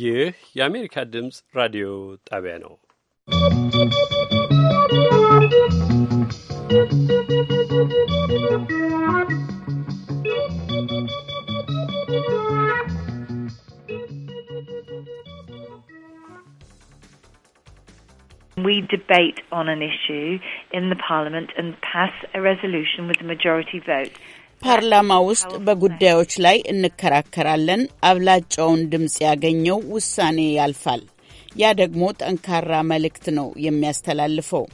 ይህ የአሜሪካ ድምፅ ራዲዮ ጣቢያ ነው። We debate on an issue in the Parliament and pass a resolution with a majority vote. ፓርላማ ውስጥ በጉዳዮች ላይ እንከራከራለን። አብላጫውን ድምፅ ያገኘው ውሳኔ ያልፋል። ያ ደግሞ ጠንካራ መልእክት ነው የሚያስተላልፈው።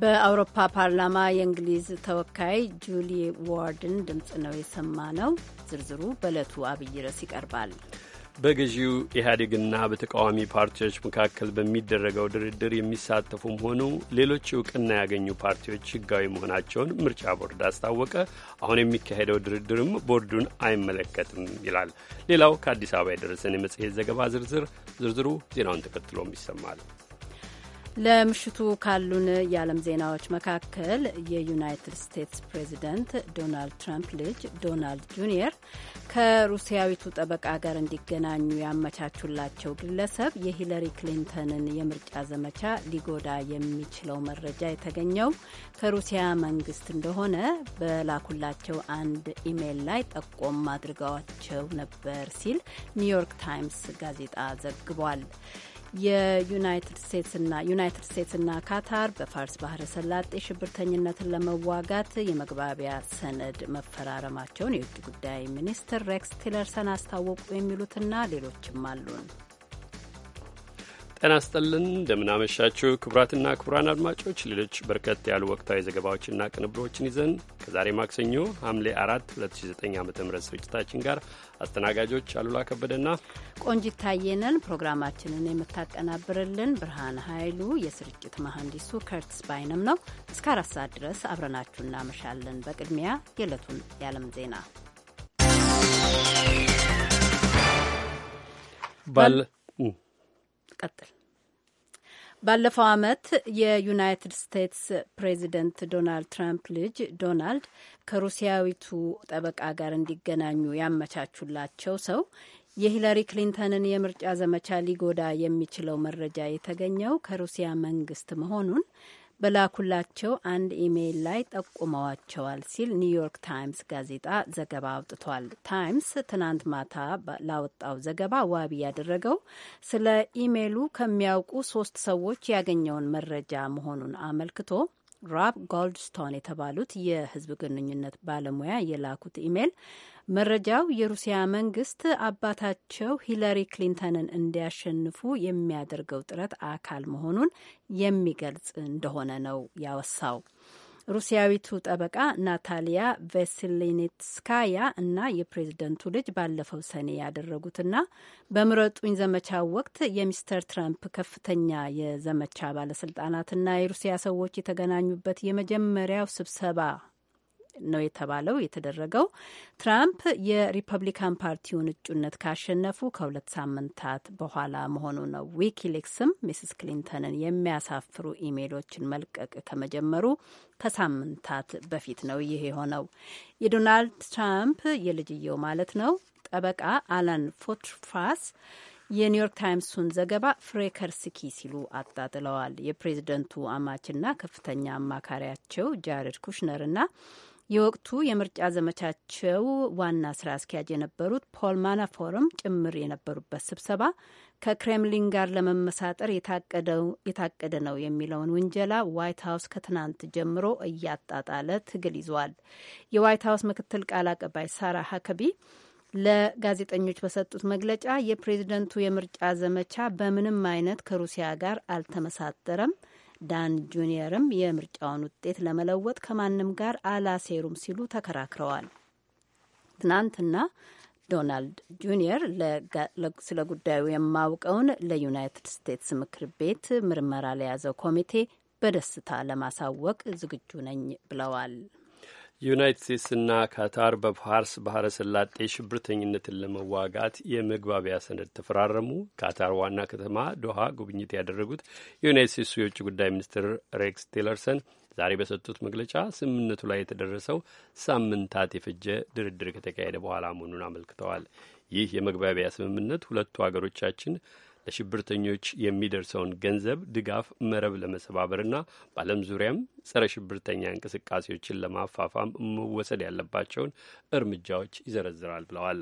በአውሮፓ ፓርላማ የእንግሊዝ ተወካይ ጁሊ ዋርድን ድምፅ ነው የሰማ ነው። ዝርዝሩ በእለቱ አብይ ርዕስ ይቀርባል። በገዢው ኢህአዴግና በተቃዋሚ ፓርቲዎች መካከል በሚደረገው ድርድር የሚሳተፉም ሆኑ ሌሎች እውቅና ያገኙ ፓርቲዎች ህጋዊ መሆናቸውን ምርጫ ቦርድ አስታወቀ። አሁን የሚካሄደው ድርድርም ቦርዱን አይመለከትም ይላል። ሌላው ከአዲስ አበባ የደረሰን የመጽሔት ዘገባ ዝርዝር ዝርዝሩ ዜናውን ተከትሎም ይሰማል። ለምሽቱ ካሉን የዓለም ዜናዎች መካከል የዩናይትድ ስቴትስ ፕሬዚደንት ዶናልድ ትራምፕ ልጅ ዶናልድ ጁኒየር ከሩሲያዊቱ ጠበቃ ጋር እንዲገናኙ ያመቻቹላቸው ግለሰብ የሂለሪ ክሊንተንን የምርጫ ዘመቻ ሊጎዳ የሚችለው መረጃ የተገኘው ከሩሲያ መንግስት እንደሆነ በላኩላቸው አንድ ኢሜይል ላይ ጠቆም አድርገዋቸው ነበር ሲል ኒውዮርክ ታይምስ ጋዜጣ ዘግቧል። የዩናይትድ ስቴትስና ዩናይትድ ስቴትስና ካታር በፋርስ ባህረ ሰላጤ ሽብርተኝነትን ለመዋጋት የመግባቢያ ሰነድ መፈራረማቸውን የውጭ ጉዳይ ሚኒስትር ሬክስ ቲለርሰን አስታወቁ። የሚሉትና ሌሎችም አሉን። ጤና ስጠልን እንደምናመሻችሁ ክቡራትና ክቡራን አድማጮች ሌሎች በርከት ያሉ ወቅታዊ ዘገባዎችና ቅንብሮችን ይዘን ከዛሬ ማክሰኞ ሐምሌ 4 2009 ዓ ም ስርጭታችን ጋር አስተናጋጆች አሉላ ከበደና ቆንጂት ታየነን። ፕሮግራማችንን የምታቀናብርልን ብርሃን ኃይሉ፣ የስርጭት መሐንዲሱ ከርትስ ባይንም ነው። እስከ አራት ሰዓት ድረስ አብረናችሁ እናመሻለን። በቅድሚያ የዕለቱን የዓለም ዜና ባል ቀጥል። ባለፈው ዓመት የዩናይትድ ስቴትስ ፕሬዚደንት ዶናልድ ትራምፕ ልጅ ዶናልድ ከሩሲያዊቱ ጠበቃ ጋር እንዲገናኙ ያመቻቹላቸው ሰው የሂላሪ ክሊንተንን የምርጫ ዘመቻ ሊጎዳ የሚችለው መረጃ የተገኘው ከሩሲያ መንግስት መሆኑን በላኩላቸው አንድ ኢሜይል ላይ ጠቁመዋቸዋል ሲል ኒውዮርክ ታይምስ ጋዜጣ ዘገባ አውጥቷል። ታይምስ ትናንት ማታ ላወጣው ዘገባ ዋቢ ያደረገው ስለ ኢሜይሉ ከሚያውቁ ሶስት ሰዎች ያገኘውን መረጃ መሆኑን አመልክቶ ራብ ጎልድስቶን የተባሉት የህዝብ ግንኙነት ባለሙያ የላኩት ኢሜል መረጃው የሩሲያ መንግስት አባታቸው ሂለሪ ክሊንተንን እንዲያሸንፉ የሚያደርገው ጥረት አካል መሆኑን የሚገልጽ እንደሆነ ነው ያወሳው። ሩሲያዊቱ ጠበቃ ናታሊያ ቬሴሊኔትስካያ እና የፕሬዝደንቱ ልጅ ባለፈው ሰኔ ያደረጉትና በምረጡኝ ዘመቻው ወቅት የሚስተር ትራምፕ ከፍተኛ የዘመቻ ባለስልጣናትና የሩሲያ ሰዎች የተገናኙበት የመጀመሪያው ስብሰባ ነው የተባለው የተደረገው ትራምፕ የሪፐብሊካን ፓርቲውን እጩነት ካሸነፉ ከሁለት ሳምንታት በኋላ መሆኑ ነው። ዊኪሊክስም ሚስስ ክሊንተንን የሚያሳፍሩ ኢሜይሎችን መልቀቅ ከመጀመሩ ከሳምንታት በፊት ነው ይህ የሆነው። የዶናልድ ትራምፕ የልጅየው ማለት ነው ጠበቃ አላን ፎትፋስ የኒውዮርክ ታይምሱን ዘገባ ፍሬከርስኪ ሲሉ አጣጥለዋል። የፕሬዝደንቱ አማችና ከፍተኛ አማካሪያቸው ጃሬድ ኩሽነርና የወቅቱ የምርጫ ዘመቻቸው ዋና ስራ አስኪያጅ የነበሩት ፖል ማናፎርም ጭምር የነበሩበት ስብሰባ ከክሬምሊን ጋር ለመመሳጠር የታቀደ ነው የሚለውን ውንጀላ ዋይት ሀውስ ከትናንት ጀምሮ እያጣጣለ ትግል ይዟል። የዋይት ሀውስ ምክትል ቃል አቀባይ ሳራ ሀከቢ ለጋዜጠኞች በሰጡት መግለጫ የፕሬዝደንቱ የምርጫ ዘመቻ በምንም አይነት ከሩሲያ ጋር አልተመሳጠረም ዳን ጁኒየርም የምርጫውን ውጤት ለመለወጥ ከማንም ጋር አላሴሩም ሲሉ ተከራክረዋል። ትናንትና ዶናልድ ጁኒየር ስለ ጉዳዩ የማውቀውን ለዩናይትድ ስቴትስ ምክር ቤት ምርመራ ለያዘው ኮሚቴ በደስታ ለማሳወቅ ዝግጁ ነኝ ብለዋል። ዩናይትድ ስቴትስና ካታር በፋርስ ባህረ ሰላጤ ሽብርተኝነትን ለመዋጋት የመግባቢያ ሰነድ ተፈራረሙ። ካታር ዋና ከተማ ዶሃ ጉብኝት ያደረጉት የዩናይትድ ስቴትሱ የውጭ ጉዳይ ሚኒስትር ሬክስ ቲለርሰን ዛሬ በሰጡት መግለጫ ስምምነቱ ላይ የተደረሰው ሳምንታት የፈጀ ድርድር ከተካሄደ በኋላ መሆኑን አመልክተዋል። ይህ የመግባቢያ ስምምነት ሁለቱ ሀገሮቻችን ለሽብርተኞች የሚደርሰውን ገንዘብ ድጋፍ መረብ ለመሰባበርና በዓለም ዙሪያም ጸረ ሽብርተኛ እንቅስቃሴዎችን ለማፋፋም መወሰድ ያለባቸውን እርምጃዎች ይዘረዝራል ብለዋል።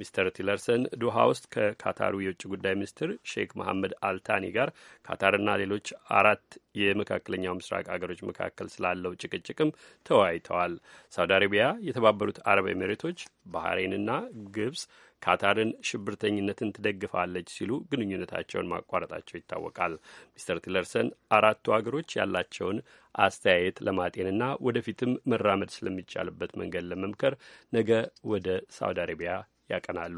ሚስተር ቲለርሰን ዶሃ ውስጥ ከካታሩ የውጭ ጉዳይ ሚኒስትር ሼክ መሐመድ አልታኒ ጋር ካታርና ሌሎች አራት የመካከለኛው ምስራቅ አገሮች መካከል ስላለው ጭቅጭቅም ተወያይተዋል። ሳውዲ አረቢያ፣ የተባበሩት አረብ ኤሚሬቶች፣ ባህሬንና ግብጽ ካታርን ሽብርተኝነትን ትደግፋለች ሲሉ ግንኙነታቸውን ማቋረጣቸው ይታወቃል። ሚስተር ቲለርሰን አራቱ አገሮች ያላቸውን አስተያየት ለማጤንና ወደፊትም መራመድ ስለሚቻልበት መንገድ ለመምከር ነገ ወደ ሳውዲ አረቢያ ያቀናሉ።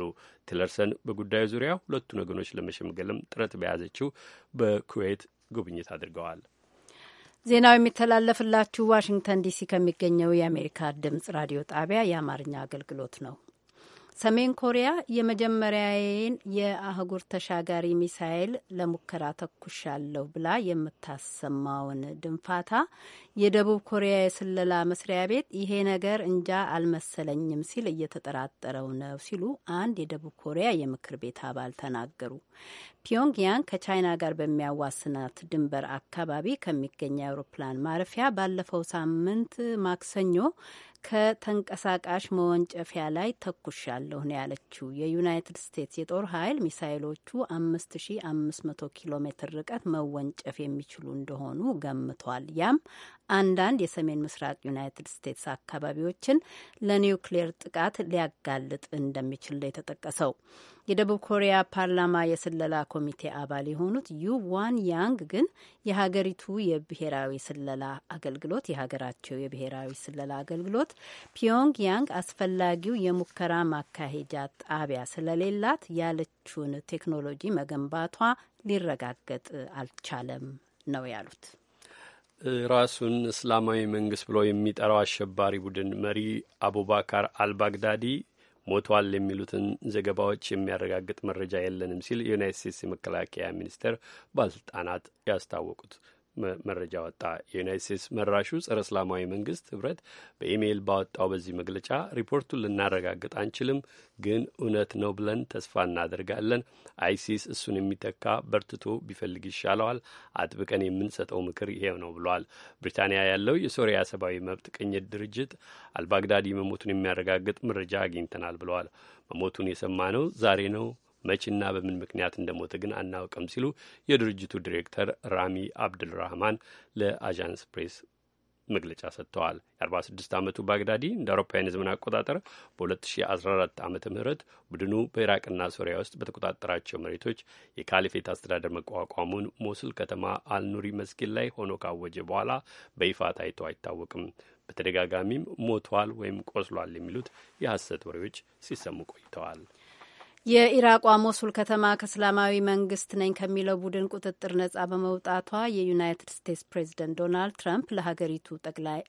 ቲለርሰን በጉዳዩ ዙሪያ ሁለቱን ወገኖች ለመሸምገልም ጥረት በያዘችው በኩዌት ጉብኝት አድርገዋል። ዜናው የሚተላለፍላችሁ ዋሽንግተን ዲሲ ከሚገኘው የአሜሪካ ድምጽ ራዲዮ ጣቢያ የአማርኛ አገልግሎት ነው። ሰሜን ኮሪያ የመጀመሪያዬን የአህጉር ተሻጋሪ ሚሳይል ለሙከራ ተኩሻለሁ ብላ የምታሰማውን ድንፋታ የደቡብ ኮሪያ የስለላ መስሪያ ቤት ይሄ ነገር እንጃ አልመሰለኝም ሲል እየተጠራጠረው ነው ሲሉ አንድ የደቡብ ኮሪያ የምክር ቤት አባል ተናገሩ። ፒዮንግያንግ ከቻይና ጋር በሚያዋስናት ድንበር አካባቢ ከሚገኝ አውሮፕላን ማረፊያ ባለፈው ሳምንት ማክሰኞ ከተንቀሳቃሽ መወንጨፊያ ላይ ተኩሻለሁ ነው ያለችው። የዩናይትድ ስቴትስ የጦር ኃይል ሚሳይሎቹ 5500 ኪሎ ሜትር ርቀት መወንጨፍ የሚችሉ እንደሆኑ ገምቷል። ያም አንዳንድ የሰሜን ምስራቅ ዩናይትድ ስቴትስ አካባቢዎችን ለኒውክሌር ጥቃት ሊያጋልጥ እንደሚችል ነው የተጠቀሰው። የደቡብ ኮሪያ ፓርላማ የስለላ ኮሚቴ አባል የሆኑት ዩ ዋን ያንግ ግን የሀገሪቱ የብሔራዊ ስለላ አገልግሎት የሀገራቸው የብሔራዊ ስለላ አገልግሎት ፒዮንግ ያንግ አስፈላጊው የሙከራ ማካሄጃ ጣቢያ ስለሌላት ያለችውን ቴክኖሎጂ መገንባቷ ሊረጋገጥ አልቻለም ነው ያሉት። ራሱን እስላማዊ መንግስት ብሎ የሚጠራው አሸባሪ ቡድን መሪ አቡባካር አልባግዳዲ ሞቷል የሚሉትን ዘገባዎች የሚያረጋግጥ መረጃ የለንም ሲል የዩናይት ስቴትስ የመከላከያ ሚኒስቴር ባለስልጣናት ያስታወቁት መረጃ ወጣ። የዩናይት ስቴትስ መራሹ ጸረ እስላማዊ መንግስት ህብረት በኢሜይል ባወጣው በዚህ መግለጫ ሪፖርቱን ልናረጋግጥ አንችልም፣ ግን እውነት ነው ብለን ተስፋ እናደርጋለን። አይሲስ እሱን የሚተካ በርትቶ ቢፈልግ ይሻለዋል። አጥብቀን የምንሰጠው ምክር ይሄው ነው ብሏል። ብሪታንያ ያለው የሶሪያ ሰብአዊ መብት ቅኝት ድርጅት አልባግዳዲ መሞቱን የሚያረጋግጥ መረጃ አግኝተናል ብለዋል። መሞቱን ነው ዛሬ ነው መቼና በምን ምክንያት እንደሞተ ግን አናውቅም ሲሉ የድርጅቱ ዲሬክተር ራሚ አብድልራህማን ለአዣንስ ፕሬስ መግለጫ ሰጥተዋል። የ46 ዓመቱ ባግዳዲ እንደ አውሮፓውያን የዘመን አቆጣጠር በ2014 ዓ ምህረት ቡድኑ በኢራቅና ሶሪያ ውስጥ በተቆጣጠራቸው መሬቶች የካሊፌት አስተዳደር መቋቋሙን ሞስል ከተማ አልኑሪ መስጊድ ላይ ሆኖ ካወጀ በኋላ በይፋ ታይቶ አይታወቅም። በተደጋጋሚም ሞቷል ወይም ቆስሏል የሚሉት የሐሰት ወሬዎች ሲሰሙ ቆይተዋል። የኢራቋ ሞሱል ከተማ ከእስላማዊ መንግስት ነኝ ከሚለው ቡድን ቁጥጥር ነጻ በመውጣቷ የዩናይትድ ስቴትስ ፕሬዚደንት ዶናልድ ትራምፕ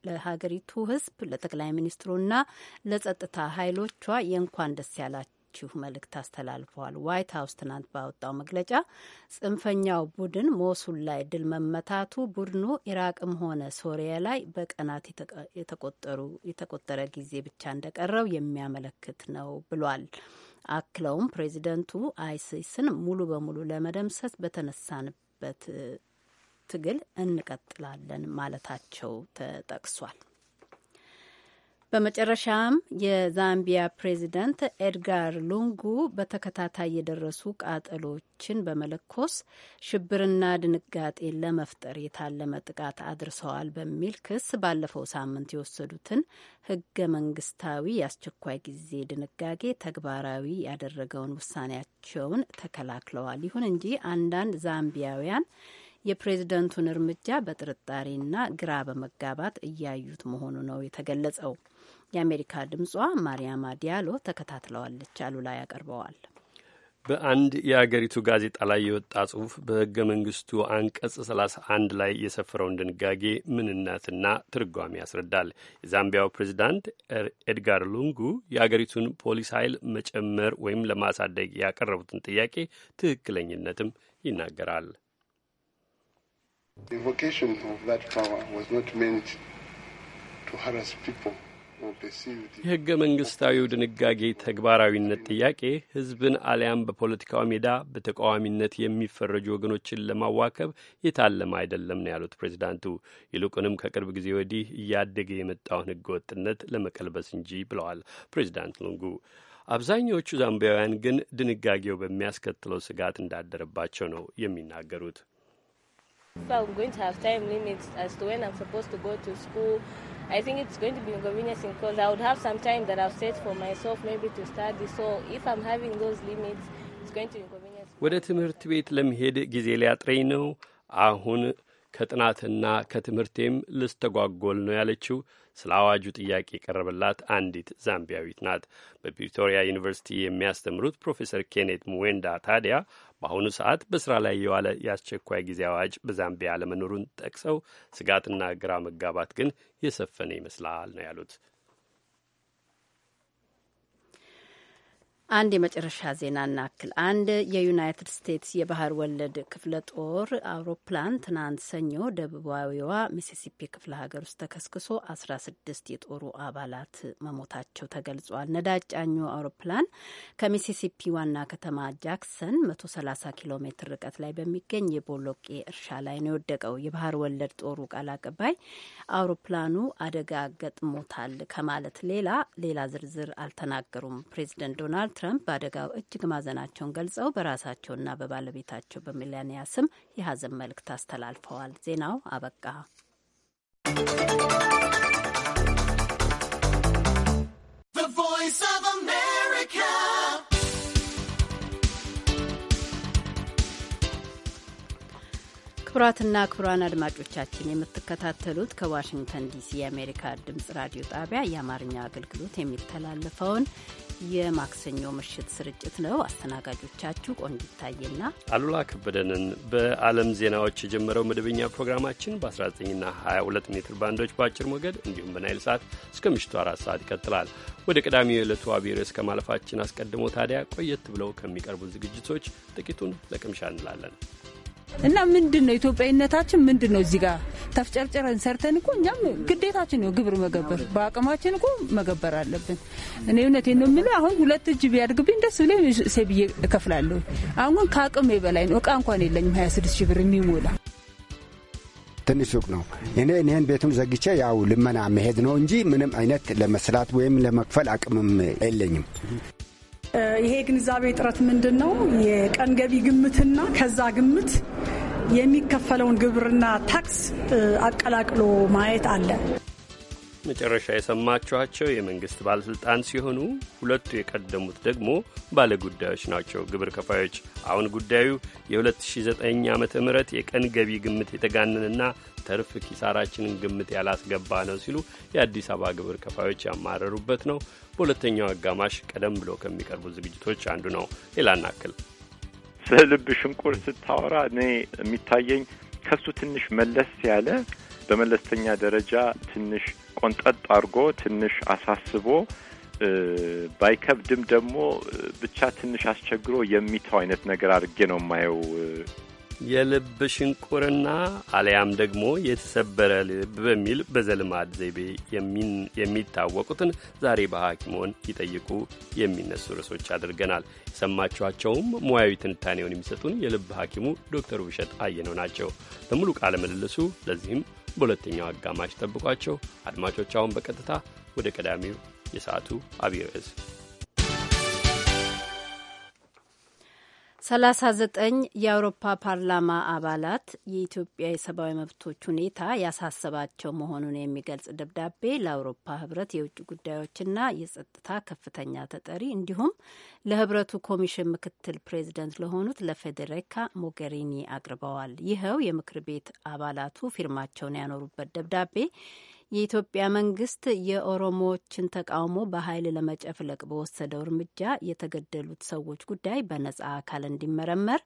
ለሀገሪቱ ህዝብ ለጠቅላይ ሚኒስትሩና ለጸጥታ ኃይሎቿ የእንኳን ደስ ያላቸው ያላችሁ መልእክት አስተላልፈዋል። ዋይት ሀውስ ትናንት ባወጣው መግለጫ ጽንፈኛው ቡድን ሞሱል ላይ ድል መመታቱ ቡድኑ ኢራቅም ሆነ ሶሪያ ላይ በቀናት የተቆጠረ ጊዜ ብቻ እንደቀረው የሚያመለክት ነው ብሏል። አክለውም ፕሬዚደንቱ አይሲስን ሙሉ በሙሉ ለመደምሰስ በተነሳንበት ትግል እንቀጥላለን ማለታቸው ተጠቅሷል። በመጨረሻም የዛምቢያ ፕሬዚደንት ኤድጋር ሉንጉ በተከታታይ የደረሱ ቃጠሎችን በመለኮስ ሽብርና ድንጋጤ ለመፍጠር የታለመ ጥቃት አድርሰዋል በሚል ክስ ባለፈው ሳምንት የወሰዱትን ህገ መንግስታዊ የአስቸኳይ ጊዜ ድንጋጌ ተግባራዊ ያደረገውን ውሳኔያቸውን ተከላክለዋል። ይሁን እንጂ አንዳንድ ዛምቢያውያን የፕሬዝደንቱን እርምጃ በጥርጣሬና ግራ በመጋባት እያዩት መሆኑ ነው የተገለጸው። የአሜሪካ ድምጿ ማርያማ ዲያሎ ተከታትለዋለች። አሉላ ያቀርበዋል። በአንድ የአገሪቱ ጋዜጣ ላይ የወጣ ጽሁፍ በህገ መንግስቱ አንቀጽ 31 ላይ የሰፈረውን ድንጋጌ ምንነትና ትርጓሜ ያስረዳል። የዛምቢያው ፕሬዚዳንት ኤድጋር ሉንጉ የአገሪቱን ፖሊስ ኃይል መጨመር ወይም ለማሳደግ ያቀረቡትን ጥያቄ ትክክለኝነትም ይናገራል። ኢንቮኬሽን ኦፍ ዛት ፓወር ዋዝ ኖት ሜንት ቱ to ፒፕል የህገ መንግስታዊ ድንጋጌ ተግባራዊነት ጥያቄ ህዝብን አሊያም በፖለቲካው ሜዳ በተቃዋሚነት የሚፈረጁ ወገኖችን ለማዋከብ የታለመ አይደለም ነው ያሉት ፕሬዚዳንቱ። ይልቁንም ከቅርብ ጊዜ ወዲህ እያደገ የመጣውን ህገ ወጥነት ለመቀልበስ እንጂ ብለዋል ፕሬዚዳንት ሉንጉ። አብዛኛዎቹ ዛምቢያውያን ግን ድንጋጌው በሚያስከትለው ስጋት እንዳደረባቸው ነው የሚናገሩት። If I'm going to have time limits as to when I'm supposed to go to school, I think it's going to be inconveniencing because I would have some time that I've set for myself maybe to study. So if I'm having those limits, it's going to inconvenience. ወደ ትምህርት ቤት ለመሄድ ጊዜ ሊያጥረኝ ነው አሁን ከጥናትና ከትምህርቴም ልስተጓጎል ነው ያለችው ስለ አዋጁ ጥያቄ የቀረበላት አንዲት ዛምቢያዊት ናት። በፕሪቶሪያ ዩኒቨርሲቲ የሚያስተምሩት ፕሮፌሰር ኬኔት ሙዌንዳ ታዲያ በአሁኑ ሰዓት በስራ ላይ የዋለ የአስቸኳይ ጊዜ አዋጅ በዛምቢያ አለመኖሩን ጠቅሰው ስጋትና ግራ መጋባት ግን የሰፈነ ይመስላል ነው ያሉት። አንድ የመጨረሻ ዜና እናክል። አንድ የዩናይትድ ስቴትስ የባህር ወለድ ክፍለ ጦር አውሮፕላን ትናንት ሰኞ ደቡባዊዋ ሚሲሲፒ ክፍለ ሀገር ውስጥ ተከስክሶ አስራ ስድስት የጦሩ አባላት መሞታቸው ተገልጿል። ነዳጅ ጫኙ አውሮፕላን ከሚሲሲፒ ዋና ከተማ ጃክሰን መቶ ሰላሳ ኪሎ ሜትር ርቀት ላይ በሚገኝ የቦሎቄ እርሻ ላይ ነው የወደቀው። የባህር ወለድ ጦሩ ቃል አቀባይ አውሮፕላኑ አደጋ ገጥሞታል ከማለት ሌላ ሌላ ዝርዝር አልተናገሩም። ፕሬዚደንት ዶናልድ ትረምፕ በአደጋው እጅግ ማዘናቸውን ገልጸው በራሳቸውና በባለቤታቸው በሜላኒያ ስም የሀዘን መልእክት አስተላልፈዋል። ዜናው አበቃ። ክቡራትና ክቡራን አድማጮቻችን የምትከታተሉት ከዋሽንግተን ዲሲ የአሜሪካ ድምጽ ራዲዮ ጣቢያ የአማርኛ አገልግሎት የሚተላለፈውን የማክሰኞ ምሽት ስርጭት ነው። አስተናጋጆቻችሁ ቆንጅ ይታየና አሉላ ከበደንን። በዓለም ዜናዎች የጀመረው መደበኛ ፕሮግራማችን በ19ና 22 ሜትር ባንዶች በአጭር ሞገድ እንዲሁም በናይል ሰዓት እስከ ምሽቱ አራት ሰዓት ይቀጥላል። ወደ ቅዳሜው የዕለቱ አብሔር እስከ ማለፋችን አስቀድሞ ታዲያ ቆየት ብለው ከሚቀርቡ ዝግጅቶች ጥቂቱን ለቅምሻ እንላለን። እና ምንድን ነው ኢትዮጵያዊነታችን ምንድን ነው? እዚህ ጋር ተፍጨርጨረን ሰርተን እኮ እኛም ግዴታችን ነው ግብር መገበር፣ በአቅማችን እኮ መገበር አለብን። እኔ እውነት ነው የምልህ አሁን ሁለት እጅ ቢያድግብኝ ደስ ብሎ ሴብዬ እከፍላለሁ። አሁን ከአቅሜ በላይ ነው። እቃ እንኳን የለኝም 26 ሺ ብር የሚሞላ ትንሽ ሱቅ ነው። እኔ እኔህን ቤቱን ዘግቼ ያው ልመና መሄድ ነው እንጂ ምንም አይነት ለመስራት ወይም ለመክፈል አቅምም የለኝም። ይሄ ግንዛቤ እጥረት ምንድን ነው? የቀን ገቢ ግምትና ከዛ ግምት የሚከፈለውን ግብርና ታክስ አቀላቅሎ ማየት አለ። መጨረሻ የሰማችኋቸው የመንግስት ባለሥልጣን ሲሆኑ ሁለቱ የቀደሙት ደግሞ ባለጉዳዮች ናቸው፣ ግብር ከፋዮች። አሁን ጉዳዩ የ2009 ዓ ም የቀን ገቢ ግምት የተጋነንና ተርፍ ኪሳራችንን ግምት ያላስገባ ነው ሲሉ የአዲስ አበባ ግብር ከፋዮች ያማረሩበት ነው። በሁለተኛው አጋማሽ ቀደም ብሎ ከሚቀርቡ ዝግጅቶች አንዱ ነው። ሌላ እናክል ስለ ልብ ሽንቁር ስታወራ እኔ የሚታየኝ ከሱ ትንሽ መለስ ያለ በመለስተኛ ደረጃ ትንሽ ቆንጠጥ አድርጎ ትንሽ አሳስቦ ባይከብድም ደግሞ ብቻ ትንሽ አስቸግሮ የሚተው አይነት ነገር አድርጌ ነው የማየው። የልብ ሽንቁርና አሊያም ደግሞ የተሰበረ ልብ በሚል በዘልማድ ዘይቤ የሚታወቁትን ዛሬ በሐኪሞን ይጠይቁ የሚነሱ ርዕሶች አድርገናል። የሰማችኋቸውም ሙያዊ ትንታኔውን የሚሰጡን የልብ ሐኪሙ ዶክተር ውብሸት አየነው ናቸው። በሙሉ ቃለ ምልልሱ ለዚህም በሁለተኛው አጋማሽ ጠብቋቸው አድማጮች። አሁን በቀጥታ ወደ ቀዳሚው የሰዓቱ አብይ ርዕስ 39 የአውሮፓ ፓርላማ አባላት የኢትዮጵያ የሰብአዊ መብቶች ሁኔታ ያሳሰባቸው መሆኑን የሚገልጽ ደብዳቤ ለአውሮፓ ህብረት የውጭ ጉዳዮችና የጸጥታ ከፍተኛ ተጠሪ እንዲሁም ለህብረቱ ኮሚሽን ምክትል ፕሬዚደንት ለሆኑት ለፌዴሪካ ሞገሪኒ አቅርበዋል። ይኸው የምክር ቤት አባላቱ ፊርማቸውን ያኖሩበት ደብዳቤ የኢትዮጵያ መንግስት የኦሮሞዎችን ተቃውሞ በኃይል ለመጨፍለቅ በወሰደው እርምጃ የተገደሉት ሰዎች ጉዳይ በነጻ አካል እንዲመረመር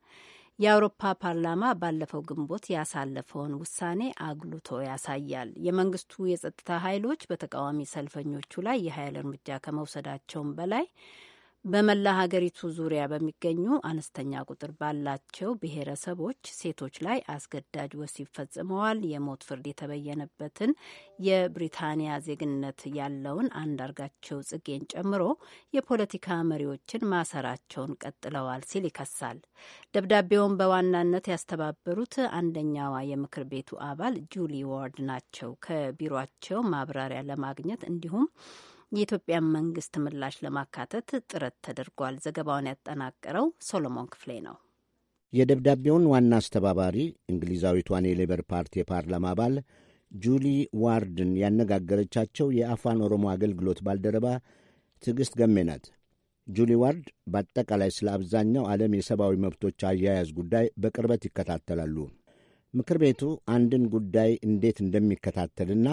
የአውሮፓ ፓርላማ ባለፈው ግንቦት ያሳለፈውን ውሳኔ አጉልቶ ያሳያል። የመንግስቱ የጸጥታ ኃይሎች በተቃዋሚ ሰልፈኞቹ ላይ የኃይል እርምጃ ከመውሰዳቸውም በላይ በመላ ሀገሪቱ ዙሪያ በሚገኙ አነስተኛ ቁጥር ባላቸው ብሔረሰቦች ሴቶች ላይ አስገዳጅ ወሲብ ፈጽመዋል የሞት ፍርድ የተበየነበትን የብሪታንያ ዜግነት ያለውን አንዳርጋቸው ጽጌን ጨምሮ የፖለቲካ መሪዎችን ማሰራቸውን ቀጥለዋል ሲል ይከሳል። ደብዳቤውን በዋናነት ያስተባበሩት አንደኛዋ የምክር ቤቱ አባል ጁሊ ዋርድ ናቸው። ከቢሯቸው ማብራሪያ ለማግኘት እንዲሁም የኢትዮጵያን መንግስት ምላሽ ለማካተት ጥረት ተደርጓል። ዘገባውን ያጠናቀረው ሶሎሞን ክፍሌ ነው። የደብዳቤውን ዋና አስተባባሪ እንግሊዛዊቷን የሌበር ፓርቲ የፓርላማ አባል ጁሊ ዋርድን ያነጋገረቻቸው የአፋን ኦሮሞ አገልግሎት ባልደረባ ትዕግሥት ገሜ ናት። ጁሊ ዋርድ በአጠቃላይ ስለ አብዛኛው ዓለም የሰብአዊ መብቶች አያያዝ ጉዳይ በቅርበት ይከታተላሉ። ምክር ቤቱ አንድን ጉዳይ እንዴት እንደሚከታተልና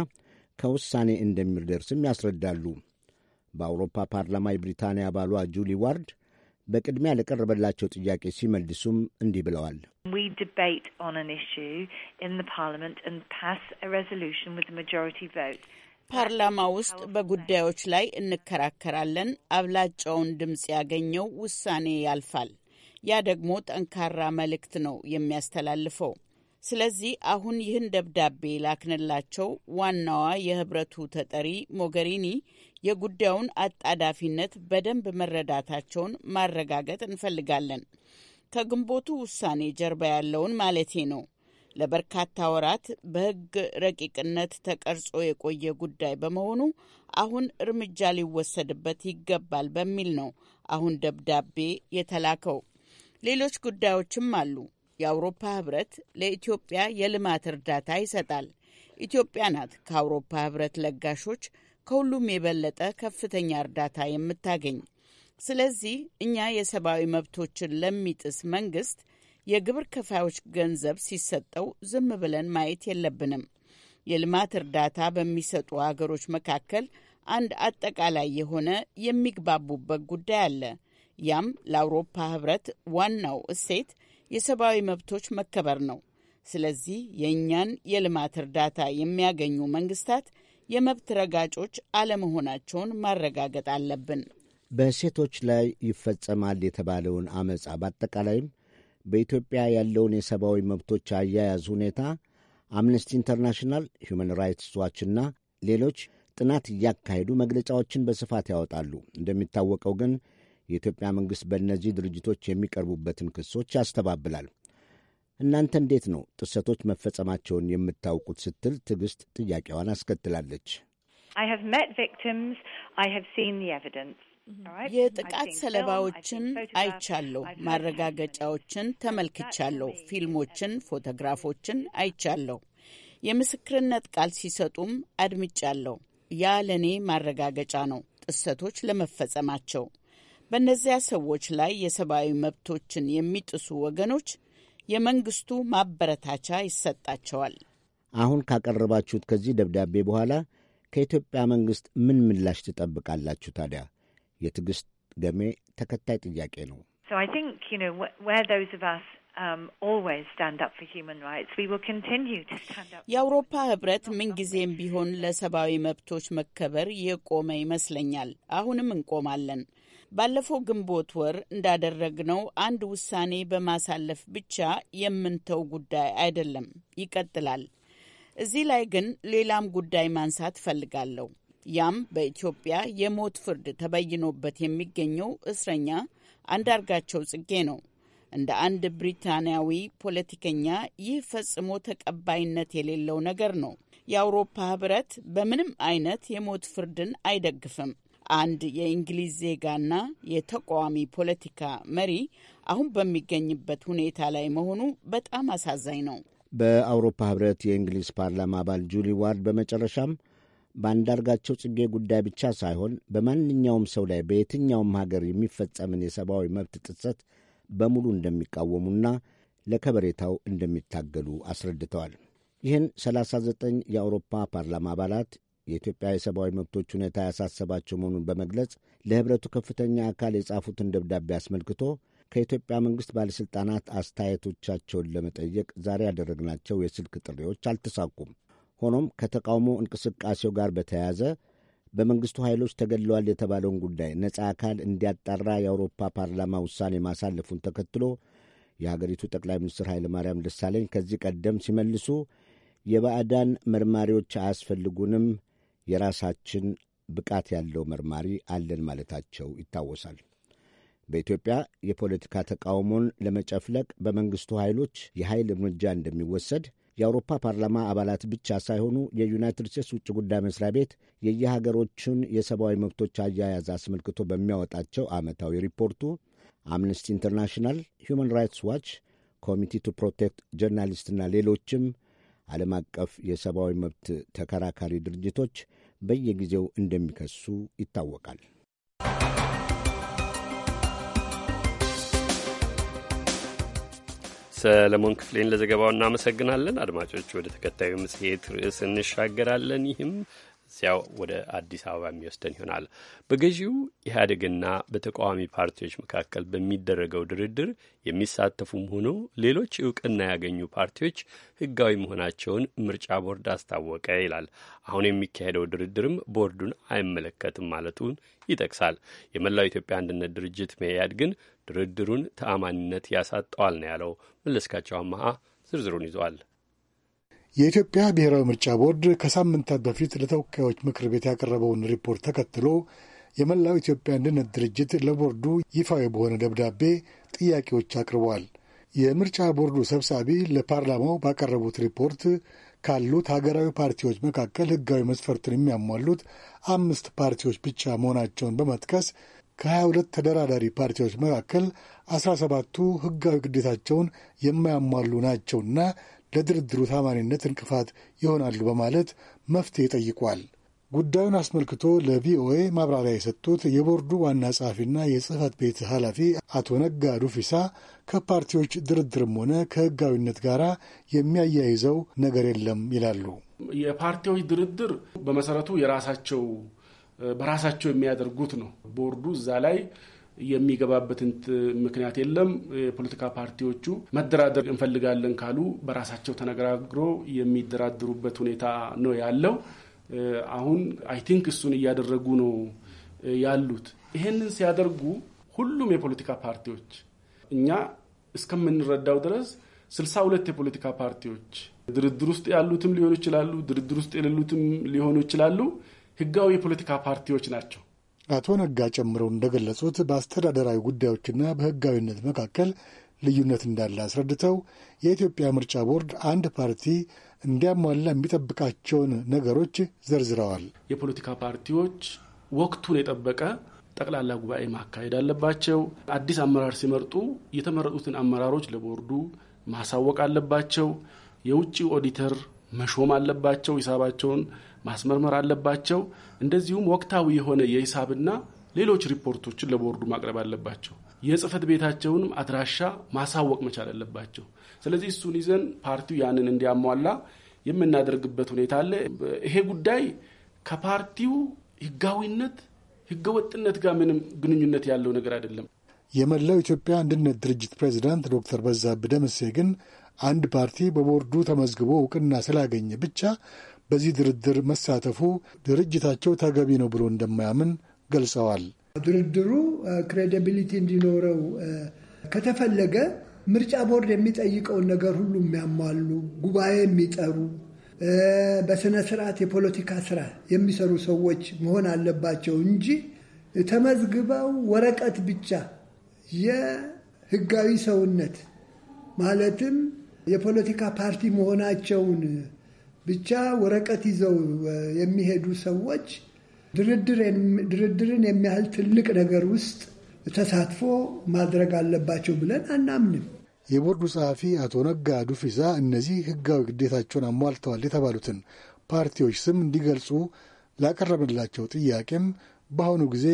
ከውሳኔ እንደሚደርስም ያስረዳሉ። በአውሮፓ ፓርላማ የብሪታንያ አባሏ ጁሊ ዋርድ በቅድሚያ ለቀረበላቸው ጥያቄ ሲመልሱም እንዲህ ብለዋል። ፓርላማ ውስጥ በጉዳዮች ላይ እንከራከራለን። አብላጫውን ድምፅ ያገኘው ውሳኔ ያልፋል። ያ ደግሞ ጠንካራ መልእክት ነው የሚያስተላልፈው። ስለዚህ አሁን ይህን ደብዳቤ ላክንላቸው ዋናዋ የህብረቱ ተጠሪ ሞገሪኒ የጉዳዩን አጣዳፊነት በደንብ መረዳታቸውን ማረጋገጥ እንፈልጋለን። ከግንቦቱ ውሳኔ ጀርባ ያለውን ማለቴ ነው። ለበርካታ ወራት በህግ ረቂቅነት ተቀርጾ የቆየ ጉዳይ በመሆኑ አሁን እርምጃ ሊወሰድበት ይገባል በሚል ነው አሁን ደብዳቤ የተላከው። ሌሎች ጉዳዮችም አሉ። የአውሮፓ ህብረት ለኢትዮጵያ የልማት እርዳታ ይሰጣል። ኢትዮጵያ ናት ከአውሮፓ ህብረት ለጋሾች ከሁሉም የበለጠ ከፍተኛ እርዳታ የምታገኝ። ስለዚህ እኛ የሰብአዊ መብቶችን ለሚጥስ መንግስት የግብር ከፋዮች ገንዘብ ሲሰጠው ዝም ብለን ማየት የለብንም። የልማት እርዳታ በሚሰጡ አገሮች መካከል አንድ አጠቃላይ የሆነ የሚግባቡበት ጉዳይ አለ። ያም ለአውሮፓ ህብረት ዋናው እሴት የሰብአዊ መብቶች መከበር ነው። ስለዚህ የእኛን የልማት እርዳታ የሚያገኙ መንግስታት የመብት ረጋጮች አለመሆናቸውን ማረጋገጥ አለብን። በሴቶች ላይ ይፈጸማል የተባለውን አመጻ በአጠቃላይም በኢትዮጵያ ያለውን የሰብአዊ መብቶች አያያዝ ሁኔታ አምነስቲ ኢንተርናሽናል፣ ሁማን ራይትስ ዋችና ሌሎች ጥናት እያካሄዱ መግለጫዎችን በስፋት ያወጣሉ። እንደሚታወቀው ግን የኢትዮጵያ መንግሥት በእነዚህ ድርጅቶች የሚቀርቡበትን ክሶች ያስተባብላል። እናንተ እንዴት ነው ጥሰቶች መፈጸማቸውን የምታውቁት? ስትል ትዕግሥት ጥያቄዋን አስከትላለች። የጥቃት ሰለባዎችን አይቻለሁ፣ ማረጋገጫዎችን ተመልክቻለሁ፣ ፊልሞችን፣ ፎቶግራፎችን አይቻለሁ። የምስክርነት ቃል ሲሰጡም አድምጫለሁ። ያ ለእኔ ማረጋገጫ ነው ጥሰቶች ለመፈጸማቸው በእነዚያ ሰዎች ላይ የሰብአዊ መብቶችን የሚጥሱ ወገኖች የመንግስቱ ማበረታቻ ይሰጣቸዋል። አሁን ካቀረባችሁት ከዚህ ደብዳቤ በኋላ ከኢትዮጵያ መንግሥት ምን ምላሽ ትጠብቃላችሁ? ታዲያ የትዕግሥት ገሜ ተከታይ ጥያቄ ነው። um, የአውሮፓ ህብረት ምንጊዜም ቢሆን ለሰብአዊ መብቶች መከበር የቆመ ይመስለኛል። አሁንም እንቆማለን። ባለፈው ግንቦት ወር እንዳደረግነው አንድ ውሳኔ በማሳለፍ ብቻ የምንተው ጉዳይ አይደለም፣ ይቀጥላል። እዚህ ላይ ግን ሌላም ጉዳይ ማንሳት ፈልጋለሁ ያም በኢትዮጵያ የሞት ፍርድ ተበይኖበት የሚገኘው እስረኛ አንዳርጋቸው ጽጌ ነው። እንደ አንድ ብሪታንያዊ ፖለቲከኛ ይህ ፈጽሞ ተቀባይነት የሌለው ነገር ነው። የአውሮፓ ሕብረት በምንም አይነት የሞት ፍርድን አይደግፍም። አንድ የእንግሊዝ ዜጋና የተቃዋሚ ፖለቲካ መሪ አሁን በሚገኝበት ሁኔታ ላይ መሆኑ በጣም አሳዛኝ ነው። በአውሮፓ ህብረት የእንግሊዝ ፓርላማ አባል ጁሊ ዋርድ በመጨረሻም በአንዳርጋቸው ጽጌ ጉዳይ ብቻ ሳይሆን በማንኛውም ሰው ላይ በየትኛውም ሀገር የሚፈጸምን የሰብአዊ መብት ጥሰት በሙሉ እንደሚቃወሙና ለከበሬታው እንደሚታገሉ አስረድተዋል። ይህን 39 የአውሮፓ ፓርላማ አባላት የኢትዮጵያ የሰብአዊ መብቶች ሁኔታ ያሳሰባቸው መሆኑን በመግለጽ ለኅብረቱ ከፍተኛ አካል የጻፉትን ደብዳቤ አስመልክቶ ከኢትዮጵያ መንግሥት ባለሥልጣናት አስተያየቶቻቸውን ለመጠየቅ ዛሬ ያደረግናቸው የስልክ ጥሪዎች አልተሳኩም። ሆኖም ከተቃውሞ እንቅስቃሴው ጋር በተያያዘ በመንግሥቱ ኃይሎች ተገድለዋል የተባለውን ጉዳይ ነፃ አካል እንዲያጣራ የአውሮፓ ፓርላማ ውሳኔ ማሳለፉን ተከትሎ የሀገሪቱ ጠቅላይ ሚኒስትር ኃይለ ማርያም ደሳለኝ ከዚህ ቀደም ሲመልሱ የባዕዳን መርማሪዎች አያስፈልጉንም የራሳችን ብቃት ያለው መርማሪ አለን ማለታቸው ይታወሳል። በኢትዮጵያ የፖለቲካ ተቃውሞን ለመጨፍለቅ በመንግሥቱ ኃይሎች የኃይል እርምጃ እንደሚወሰድ የአውሮፓ ፓርላማ አባላት ብቻ ሳይሆኑ የዩናይትድ ስቴትስ ውጭ ጉዳይ መስሪያ ቤት የየሀገሮቹን የሰብአዊ መብቶች አያያዝ አስመልክቶ በሚያወጣቸው ዓመታዊ ሪፖርቱ፣ አምነስቲ ኢንተርናሽናል፣ ሁማን ራይትስ ዋች፣ ኮሚቴ ቱ ፕሮቴክት ጀርናሊስትና ሌሎችም ዓለም አቀፍ የሰብአዊ መብት ተከራካሪ ድርጅቶች በየጊዜው እንደሚከሱ ይታወቃል። ሰለሞን ክፍሌን ለዘገባው እናመሰግናለን። አድማጮች፣ ወደ ተከታዩ መጽሔት ርዕስ እንሻገራለን። ይህም እዚያው ወደ አዲስ አበባ የሚወስደን ይሆናል። በገዢው ኢህአዴግና በተቃዋሚ ፓርቲዎች መካከል በሚደረገው ድርድር የሚሳተፉም ሆኖ ሌሎች እውቅና ያገኙ ፓርቲዎች ህጋዊ መሆናቸውን ምርጫ ቦርድ አስታወቀ ይላል። አሁን የሚካሄደው ድርድርም ቦርዱን አይመለከትም ማለቱን ይጠቅሳል። የመላው ኢትዮጵያ አንድነት ድርጅት መያድ ግን ድርድሩን ተአማኒነት ያሳጠዋል ነው ያለው። መለስካቸው አመሀ ዝርዝሩን ይዟል። የኢትዮጵያ ብሔራዊ ምርጫ ቦርድ ከሳምንታት በፊት ለተወካዮች ምክር ቤት ያቀረበውን ሪፖርት ተከትሎ የመላው ኢትዮጵያ አንድነት ድርጅት ለቦርዱ ይፋዊ በሆነ ደብዳቤ ጥያቄዎች አቅርበዋል። የምርጫ ቦርዱ ሰብሳቢ ለፓርላማው ባቀረቡት ሪፖርት ካሉት ሀገራዊ ፓርቲዎች መካከል ሕጋዊ መስፈርትን የሚያሟሉት አምስት ፓርቲዎች ብቻ መሆናቸውን በመጥቀስ ከሀያ ሁለት ተደራዳሪ ፓርቲዎች መካከል አስራ ሰባቱ ሕጋዊ ግዴታቸውን የማያሟሉ ናቸውና ለድርድሩ ታማኒነት እንቅፋት ይሆናሉ በማለት መፍትሄ ጠይቋል። ጉዳዩን አስመልክቶ ለቪኦኤ ማብራሪያ የሰጡት የቦርዱ ዋና ጸሐፊና የጽህፈት ቤት ኃላፊ አቶ ነጋ ዱፊሳ ከፓርቲዎች ድርድርም ሆነ ከህጋዊነት ጋር የሚያያይዘው ነገር የለም ይላሉ። የፓርቲዎች ድርድር በመሰረቱ የራሳቸው በራሳቸው የሚያደርጉት ነው። ቦርዱ እዛ ላይ የሚገባበትን ምክንያት የለም። የፖለቲካ ፓርቲዎቹ መደራደር እንፈልጋለን ካሉ በራሳቸው ተነጋግሮ የሚደራደሩበት ሁኔታ ነው ያለው። አሁን አይ ቲንክ እሱን እያደረጉ ነው ያሉት። ይሄንን ሲያደርጉ ሁሉም የፖለቲካ ፓርቲዎች እኛ እስከምንረዳው ድረስ ስልሳ ሁለት የፖለቲካ ፓርቲዎች ድርድር ውስጥ ያሉትም ሊሆኑ ይችላሉ፣ ድርድር ውስጥ የሌሉትም ሊሆኑ ይችላሉ። ህጋዊ የፖለቲካ ፓርቲዎች ናቸው። አቶ ነጋ ጨምረው እንደገለጹት በአስተዳደራዊ ጉዳዮችና በሕጋዊነት መካከል ልዩነት እንዳለ አስረድተው የኢትዮጵያ ምርጫ ቦርድ አንድ ፓርቲ እንዲያሟላ የሚጠብቃቸውን ነገሮች ዘርዝረዋል። የፖለቲካ ፓርቲዎች ወቅቱን የጠበቀ ጠቅላላ ጉባኤ ማካሄድ አለባቸው። አዲስ አመራር ሲመርጡ የተመረጡትን አመራሮች ለቦርዱ ማሳወቅ አለባቸው። የውጭ ኦዲተር መሾም አለባቸው። ሂሳባቸውን ማስመርመር አለባቸው። እንደዚሁም ወቅታዊ የሆነ የሂሳብና ሌሎች ሪፖርቶችን ለቦርዱ ማቅረብ አለባቸው። የጽህፈት ቤታቸውንም አድራሻ ማሳወቅ መቻል አለባቸው። ስለዚህ እሱን ይዘን ፓርቲው ያንን እንዲያሟላ የምናደርግበት ሁኔታ አለ። ይሄ ጉዳይ ከፓርቲው ህጋዊነት፣ ህገወጥነት ጋር ምንም ግንኙነት ያለው ነገር አይደለም። የመላው ኢትዮጵያ አንድነት ድርጅት ፕሬዚዳንት ዶክተር በዛብህ ደምሴ ግን አንድ ፓርቲ በቦርዱ ተመዝግቦ እውቅና ስላገኘ ብቻ በዚህ ድርድር መሳተፉ ድርጅታቸው ተገቢ ነው ብሎ እንደማያምን ገልጸዋል። ድርድሩ ክሬዲቢሊቲ እንዲኖረው ከተፈለገ ምርጫ ቦርድ የሚጠይቀውን ነገር ሁሉ የሚያሟሉ ጉባኤ የሚጠሩ በስነ ስርዓት የፖለቲካ ስራ የሚሰሩ ሰዎች መሆን አለባቸው እንጂ ተመዝግበው ወረቀት ብቻ የህጋዊ ሰውነት ማለትም የፖለቲካ ፓርቲ መሆናቸውን ብቻ ወረቀት ይዘው የሚሄዱ ሰዎች ድርድርን የሚያህል ትልቅ ነገር ውስጥ ተሳትፎ ማድረግ አለባቸው ብለን አናምንም። የቦርዱ ጸሐፊ አቶ ነጋ ዱፊዛ እነዚህ ሕጋዊ ግዴታቸውን አሟልተዋል የተባሉትን ፓርቲዎች ስም እንዲገልጹ ላቀረብንላቸው ጥያቄም በአሁኑ ጊዜ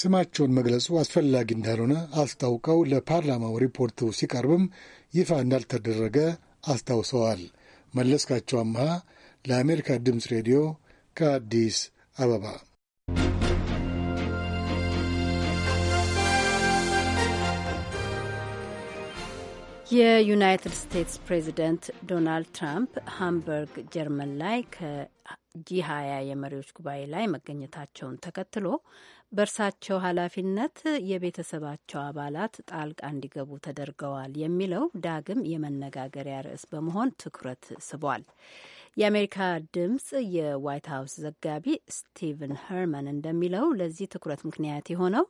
ስማቸውን መግለጹ አስፈላጊ እንዳልሆነ አስታውቀው ለፓርላማው ሪፖርቱ ሲቀርብም ይፋ እንዳልተደረገ አስታውሰዋል። መለስካቸው አምሃ ለአሜሪካ ድምፅ ሬዲዮ ከአዲስ አበባ የዩናይትድ ስቴትስ ፕሬዚደንት ዶናልድ ትራምፕ ሃምበርግ ጀርመን ላይ ከጂ ሀያ የመሪዎች ጉባኤ ላይ መገኘታቸውን ተከትሎ በእርሳቸው ኃላፊነት የቤተሰባቸው አባላት ጣልቃ እንዲገቡ ተደርገዋል የሚለው ዳግም የመነጋገሪያ ርዕስ በመሆን ትኩረት ስቧል። የአሜሪካ ድምፅ የዋይት ሀውስ ዘጋቢ ስቲቨን ሄርመን እንደሚለው ለዚህ ትኩረት ምክንያት የሆነው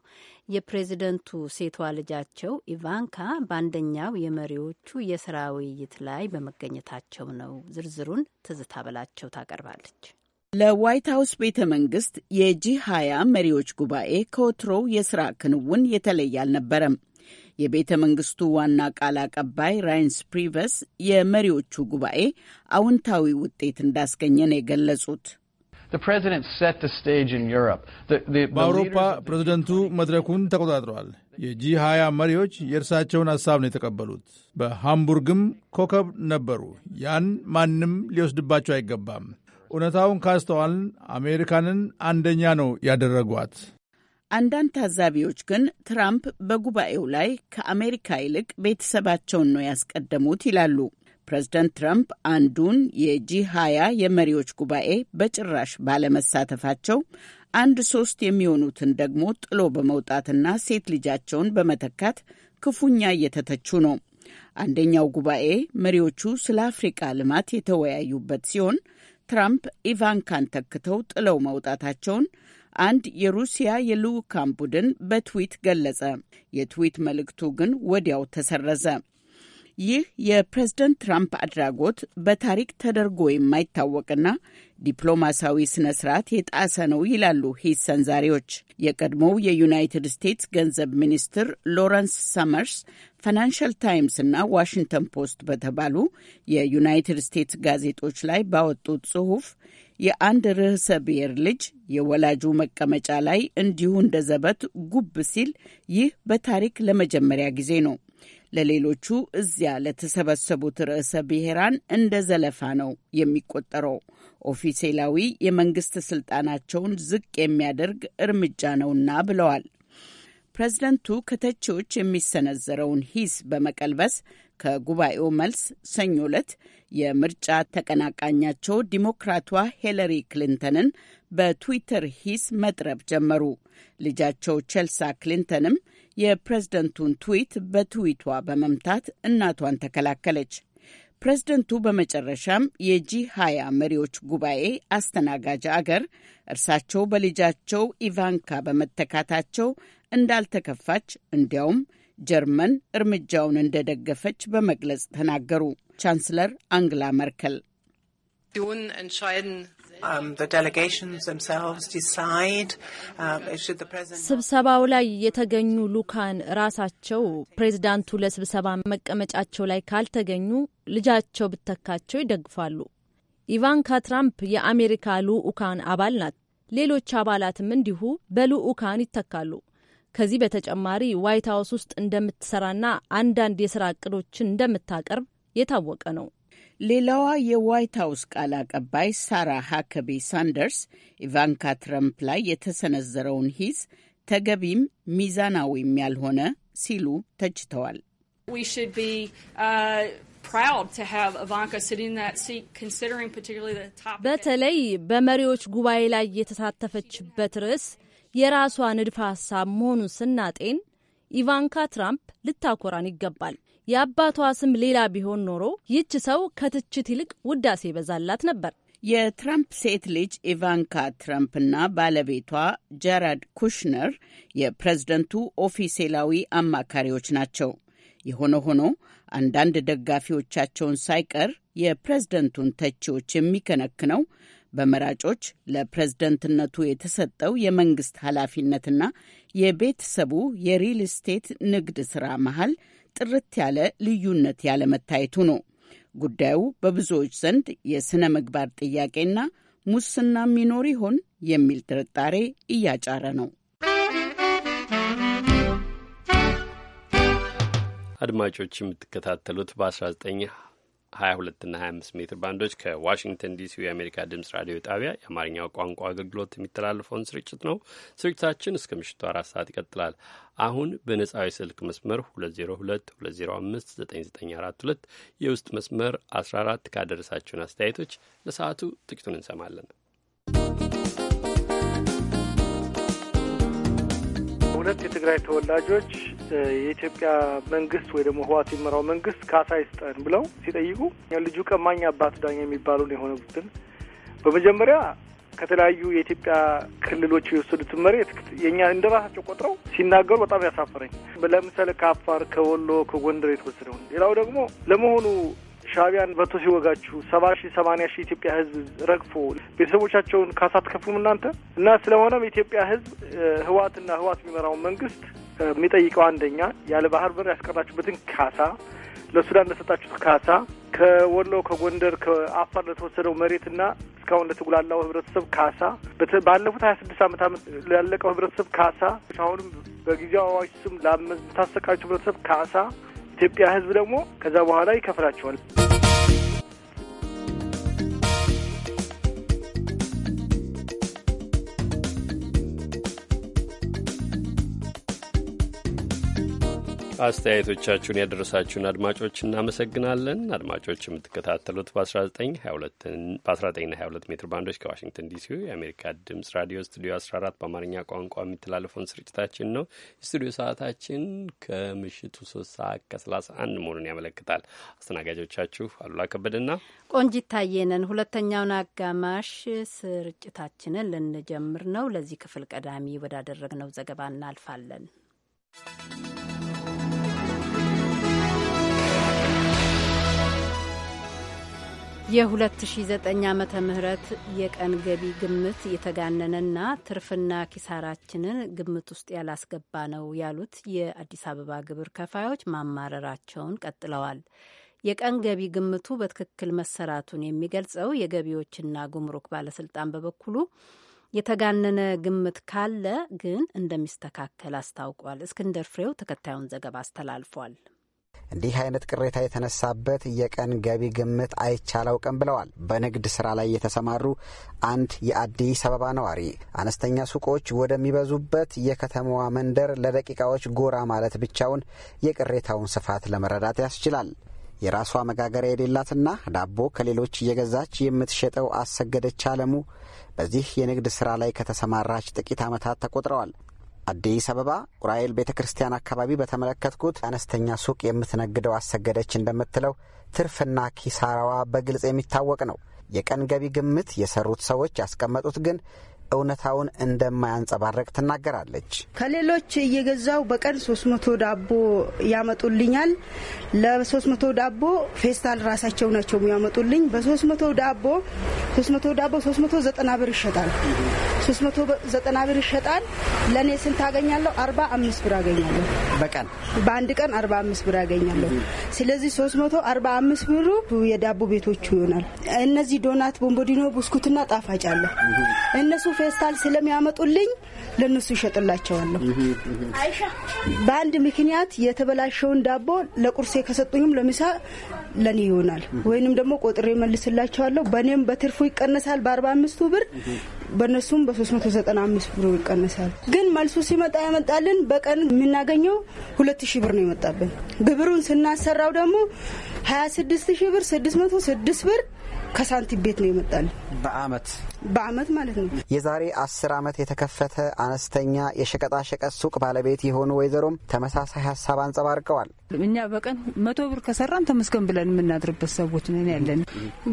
የፕሬዝደንቱ ሴቷ ልጃቸው ኢቫንካ በአንደኛው የመሪዎቹ የስራ ውይይት ላይ በመገኘታቸው ነው። ዝርዝሩን ትዝታ በላቸው ታቀርባለች። ለዋይት ሀውስ ቤተ መንግስት የጂ 20 መሪዎች ጉባኤ ከወትሮው የስራ ክንውን የተለየ አልነበረም። የቤተ መንግስቱ ዋና ቃል አቀባይ ራይንስ ፕሪቨስ የመሪዎቹ ጉባኤ አውንታዊ ውጤት እንዳስገኘ ነው የገለጹት። በአውሮፓ ፕሬዝደንቱ መድረኩን ተቆጣጥረዋል። የጂ 20 መሪዎች የእርሳቸውን ሐሳብ ነው የተቀበሉት። በሃምቡርግም ኮከብ ነበሩ። ያን ማንም ሊወስድባቸው አይገባም። እውነታውን ካስተዋል አሜሪካንን አንደኛ ነው ያደረጓት። አንዳንድ ታዛቢዎች ግን ትራምፕ በጉባኤው ላይ ከአሜሪካ ይልቅ ቤተሰባቸውን ነው ያስቀደሙት ይላሉ። ፕሬዝደንት ትራምፕ አንዱን የጂ 20 የመሪዎች ጉባኤ በጭራሽ ባለመሳተፋቸው አንድ ሶስት የሚሆኑትን ደግሞ ጥሎ በመውጣትና ሴት ልጃቸውን በመተካት ክፉኛ እየተተቹ ነው። አንደኛው ጉባኤ መሪዎቹ ስለ አፍሪቃ ልማት የተወያዩበት ሲሆን ትራምፕ ኢቫንካን ተክተው ጥለው መውጣታቸውን አንድ የሩሲያ የልዑካን ቡድን በትዊት ገለጸ። የትዊት መልእክቱ ግን ወዲያው ተሰረዘ። ይህ የፕሬዝደንት ትራምፕ አድራጎት በታሪክ ተደርጎ የማይታወቅና ዲፕሎማሲያዊ ስነ ስርዓት የጣሰ ነው ይላሉ ሂሰን ዛሬዎች። የቀድሞው የዩናይትድ ስቴትስ ገንዘብ ሚኒስትር ሎረንስ ሰመርስ ፋይናንሽል ታይምስ እና ዋሽንግተን ፖስት በተባሉ የዩናይትድ ስቴትስ ጋዜጦች ላይ ባወጡት ጽሑፍ የአንድ ርዕሰ ብሔር ልጅ የወላጁ መቀመጫ ላይ እንዲሁ እንደ ዘበት ጉብ ሲል ይህ በታሪክ ለመጀመሪያ ጊዜ ነው። ለሌሎቹ እዚያ ለተሰበሰቡት ርዕሰ ብሔራን እንደ ዘለፋ ነው የሚቆጠረው። ኦፊሴላዊ የመንግስት ስልጣናቸውን ዝቅ የሚያደርግ እርምጃ ነውና ብለዋል። ፕሬዝደንቱ ከተቺዎች የሚሰነዘረውን ሂስ በመቀልበስ ከጉባኤው መልስ ሰኞ ዕለት የምርጫ ተቀናቃኛቸው ዲሞክራቷ ሂለሪ ክሊንተንን በትዊተር ሂስ መጥረብ ጀመሩ። ልጃቸው ቼልሳ ክሊንተንም የፕሬዝደንቱን ትዊት በትዊቷ በመምታት እናቷን ተከላከለች። ፕሬዝደንቱ በመጨረሻም የጂ ሀያ መሪዎች ጉባኤ አስተናጋጅ አገር እርሳቸው በልጃቸው ኢቫንካ በመተካታቸው እንዳልተከፋች እንዲያውም ጀርመን እርምጃውን እንደደገፈች በመግለጽ ተናገሩ። ቻንስለር አንግላ መርከል Um, um, ስብሰባው ላይ የተገኙ ልኡካን ራሳቸው ፕሬዝዳንቱ ለስብሰባ መቀመጫቸው ላይ ካልተገኙ ልጃቸው ብተካቸው ይደግፋሉ። ኢቫንካ ትራምፕ የአሜሪካ ልኡካን አባል ናት። ሌሎች አባላትም እንዲሁ በልኡካን ይተካሉ። ከዚህ በተጨማሪ ዋይት ሀውስ ውስጥ እንደምትሰራና አንዳንድ የስራ እቅዶችን እንደምታቀርብ የታወቀ ነው። ሌላዋ የዋይት ሀውስ ቃል አቀባይ ሳራ ሀከቤ ሳንደርስ ኢቫንካ ትረምፕ ላይ የተሰነዘረውን ሂስ ተገቢም ሚዛናዊም ያልሆነ ሲሉ ተችተዋል። uh, በተለይ በመሪዎች ጉባኤ ላይ የተሳተፈችበት ርዕስ የራሷ ንድፈ ሀሳብ መሆኑን ስናጤን ኢቫንካ ትራምፕ ልታኮራን ይገባል። የአባቷ ስም ሌላ ቢሆን ኖሮ ይች ሰው ከትችት ይልቅ ውዳሴ ይበዛላት ነበር። የትራምፕ ሴት ልጅ ኢቫንካ ትራምፕና ባለቤቷ ጀራድ ኩሽነር የፕሬዝደንቱ ኦፊሴላዊ አማካሪዎች ናቸው። የሆነ ሆኖ አንዳንድ ደጋፊዎቻቸውን ሳይቀር የፕሬዝደንቱን ተቺዎች የሚከነክነው በመራጮች ለፕሬዝደንትነቱ የተሰጠው የመንግስት ኃላፊነትና የቤተሰቡ የሪል ስቴት ንግድ ሥራ መሃል ጥርት ያለ ልዩነት ያለመታየቱ ነው። ጉዳዩ በብዙዎች ዘንድ የሥነ ምግባር ጥያቄና ሙስና የሚኖር ይሆን የሚል ጥርጣሬ እያጫረ ነው። አድማጮች የምትከታተሉት በ19 22 ና 25 ሜትር ባንዶች ከዋሽንግተን ዲሲ የአሜሪካ ድምጽ ራዲዮ ጣቢያ የአማርኛው ቋንቋ አገልግሎት የሚተላለፈውን ስርጭት ነው። ስርጭታችን እስከ ምሽቱ አራት ሰዓት ይቀጥላል። አሁን በነጻዊ ስልክ መስመር 2022059942 የውስጥ መስመር 14 ካደረሳችሁን አስተያየቶች ለሰዓቱ ጥቂቱን እንሰማለን። ሁለት የትግራይ ተወላጆች የኢትዮጵያ መንግስት ወይ ደግሞ ህዋት የሚመራው መንግስት ካሳ ይስጠን ብለው ሲጠይቁ ልጁ ቀማኝ አባት ዳኛ የሚባሉ የሆነ ቡድን በመጀመሪያ ከተለያዩ የኢትዮጵያ ክልሎች የወሰዱትን መሬት የእኛ እንደ ራሳቸው ቆጥረው ሲናገሩ በጣም ያሳፈረኝ። ለምሳሌ ከአፋር፣ ከወሎ፣ ከጎንደር የተወሰደው። ሌላው ደግሞ ለመሆኑ ሻቢያን በቶ ሲወጋችሁ ሰባ ሺ ሰማኒያ ሺ ኢትዮጵያ ህዝብ ረግፎ ቤተሰቦቻቸውን ካሳ እናንተ እና ስለሆነም የኢትዮጵያ ህዝብ ህዋትና ህዋት የሚመራውን መንግስት የሚጠይቀው አንደኛ ያለ ባህር በር ያስቀራችሁበትን ካሳ፣ ለሱዳን ለሰጣችሁት ካሳ፣ ከወሎ ከጎንደር ከአፋር ለተወሰደው መሬትና እስካሁን ለተጉላላው ህብረተሰብ ካሳ፣ ባለፉት ሀያ ስድስት ዓመት ዓመት ላለቀው ህብረተሰብ ካሳ፣ አሁንም በጊዜው አዋጅ ስም ለምታሰቃቸው ህብረተሰብ ካሳ የኢትዮጵያ ህዝብ ደግሞ ከዛ በኋላ ይከፍላቸዋል። አስተያየቶቻችሁን ያደረሳችሁን አድማጮች እናመሰግናለን። አድማጮች የምትከታተሉት በ19ና 1922 ሜትር ባንዶች ከዋሽንግተን ዲሲ የአሜሪካ ድምጽ ራዲዮ ስቱዲዮ 14 በአማርኛ ቋንቋ የሚተላለፈውን ስርጭታችን ነው። የስቱዲዮ ሰዓታችን ከምሽቱ 3 ሰዓት ከ31 መሆኑን ያመለክታል። አስተናጋጆቻችሁ አሉላ ከበደና ቆንጂት ታየነን ሁለተኛውን አጋማሽ ስርጭታችንን ልንጀምር ነው። ለዚህ ክፍል ቀዳሚ ወዳደረግነው ዘገባ እናልፋለን። የ2009 ዓመተ ምህረት የቀን ገቢ ግምት የተጋነነና ትርፍና ኪሳራችንን ግምት ውስጥ ያላስገባ ነው ያሉት የአዲስ አበባ ግብር ከፋዮች ማማረራቸውን ቀጥለዋል። የቀን ገቢ ግምቱ በትክክል መሰራቱን የሚገልጸው የገቢዎችና ጉምሩክ ባለስልጣን በበኩሉ የተጋነነ ግምት ካለ ግን እንደሚስተካከል አስታውቋል። እስክንደር ፍሬው ተከታዩን ዘገባ አስተላልፏል። እንዲህ አይነት ቅሬታ የተነሳበት የቀን ገቢ ግምት አይቻላውቅም ብለዋል። በንግድ ስራ ላይ የተሰማሩ አንድ የአዲስ አበባ ነዋሪ አነስተኛ ሱቆች ወደሚበዙበት የከተማዋ መንደር ለደቂቃዎች ጎራ ማለት ብቻውን የቅሬታውን ስፋት ለመረዳት ያስችላል። የራሷ መጋገሪያ የሌላትና ዳቦ ከሌሎች እየገዛች የምትሸጠው አሰገደች አለሙ በዚህ የንግድ ስራ ላይ ከተሰማራች ጥቂት ዓመታት ተቆጥረዋል። አዲስ አበባ ዑራኤል ቤተ ክርስቲያን አካባቢ በተመለከትኩት አነስተኛ ሱቅ የምትነግደው አሰገደች እንደምትለው ትርፍና ኪሳራዋ በግልጽ የሚታወቅ ነው። የቀን ገቢ ግምት የሰሩት ሰዎች ያስቀመጡት ግን እውነታውን እንደማያንጸባረቅ ትናገራለች። ከሌሎች እየገዛው በቀን 300 ዳቦ ያመጡልኛል። ለ300 ዳቦ ፌስታል ራሳቸው ናቸው ያመጡልኝ። በ300 ዳቦ 300 ዳቦ 390 ብር ይሸጣል። 390 ብር ይሸጣል። ለእኔ ስንት አገኛለሁ? 45 ብር አገኛለሁ። በቀን በአንድ ቀን 45 ብር አገኛለሁ። ስለዚህ 345 ብሩ የዳቦ ቤቶቹ ይሆናል። እነዚህ ዶናት፣ ቦምቦዲኖ፣ ብስኩትና ጣፋጭ አለ እነሱ ፌስታል ስለሚያመጡልኝ ለእነሱ ይሸጥላቸዋለሁ። በአንድ ምክንያት የተበላሸውን ዳቦ ለቁርሴ ከሰጡኝም ለምሳ ለኔ ይሆናል፣ ወይንም ደግሞ ቆጥሬ መልስላቸዋለሁ። በእኔም በትርፉ ይቀነሳል በአርባ አምስቱ ብር በእነሱም በ395 ብር ይቀነሳል። ግን መልሱ ሲመጣ ያመጣልን በቀን የምናገኘው 2000 ብር ነው የመጣብን። ግብሩን ስናሰራው ደግሞ 26 ብር 606 ብር ከሳንቲም ቤት ነው የመጣል በአመት በአመት ማለት ነው። የዛሬ አስር አመት የተከፈተ አነስተኛ የሸቀጣሸቀጥ ሱቅ ባለቤት የሆኑ ወይዘሮም ተመሳሳይ ሀሳብ አንጸባርቀዋል። እኛ በቀን መቶ ብር ከሰራን ተመስገን ብለን የምናድርበት ሰዎች ነን ያለን።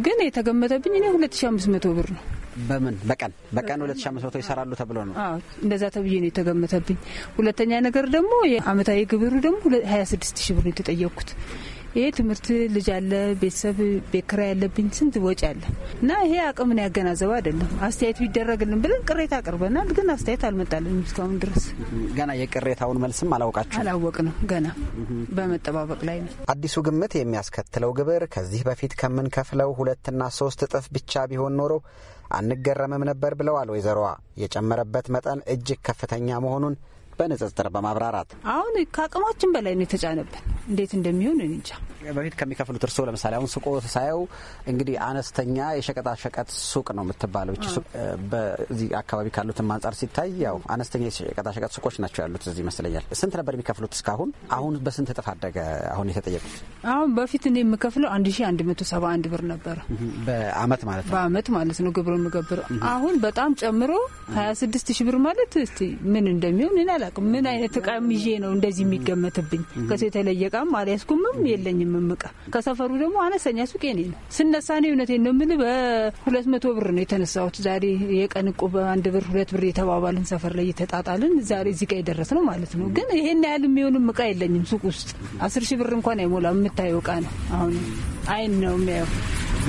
ግን የተገመተብኝ እኔ ሁለት ሺ አምስት መቶ ብር ነው በምን በቀን በቀን ሁለት ሺ አምስት መቶ ይሰራሉ ተብሎ ነው እንደዛ ተብዬ ነው የተገመተብኝ። ሁለተኛ ነገር ደግሞ የአመታዊ ግብሩ ደግሞ ሀያ ስድስት ሺ ብር ነው የተጠየቅኩት። ይሄ ትምህርት ልጅ አለ፣ ቤተሰብ ቤት ኪራይ ያለብኝ ስንት ወጪ አለ እና ይሄ አቅምን ያገናዘበ አይደለም። አስተያየት ቢደረግልን ብለን ቅሬታ አቅርበናል፣ ግን አስተያየት አልመጣልን እስካሁን ድረስ ገና የቅሬታውን መልስም አላወቃችሁ አላወቅ ነው ገና በመጠባበቅ ላይ ነው። አዲሱ ግምት የሚያስከትለው ግብር ከዚህ በፊት ከምንከፍለው ሁለትና ሶስት እጥፍ ብቻ ቢሆን ኖሮ አንገረምም ነበር ብለዋል ወይዘሮዋ። የጨመረበት መጠን እጅግ ከፍተኛ መሆኑን በንጽጽር በማብራራት አሁን ከአቅማችን በላይ ነው የተጫነብን። እንዴት እንደሚሆን እንጃ። በፊት ከሚከፍሉት እርስዎ ለምሳሌ አሁን ሱቆ ሳየው እንግዲህ አነስተኛ የሸቀጣሸቀጥ ሱቅ ነው የምትባለው እች ሱቅ በዚህ አካባቢ ካሉትም አንጻር ሲታይ ያው አነስተኛ የሸቀጣሸቀጥ ሱቆች ናቸው ያሉት እዚህ ይመስለኛል። ስንት ነበር የሚከፍሉት እስካሁን? አሁን በስንት እጥፍ አደገ? አሁን የተጠየቁት አሁን በፊት እኔ የምከፍለው አንድ ሺ አንድ መቶ ሰባ አንድ ብር ነበር በአመት ማለት ነው በአመት ማለት ነው ግብሩ የምገብረው። አሁን በጣም ጨምሮ ሀያ ስድስት ሺ ብር ማለት እስቲ ምን እንደሚሆን እኔ አላውቅም። ምን አይነት እቃም ይዤ ነው እንደዚህ የሚገመትብኝ? ከሰው የተለየ እቃም አልያዝኩምም የለኝም። እቃ ከሰፈሩ ደግሞ አነስተኛ ሱቅ የኔ ነው። ስነሳ ነው እውነቴን ነው የምልህ በሁለት መቶ ብር ነው የተነሳሁት ዛሬ። የቀን እቁ በአንድ ብር ሁለት ብር የተባባልን ሰፈር ላይ የተጣጣልን ዛሬ እዚህ ጋ የደረስ ነው ማለት ነው። ግን ይሄን ያህል የሚሆንም እቃ የለኝም ሱቅ ውስጥ አስር ሺህ ብር እንኳን አይሞላም። የምታየው እቃ ነው። አሁን አይን ነው የሚያየው።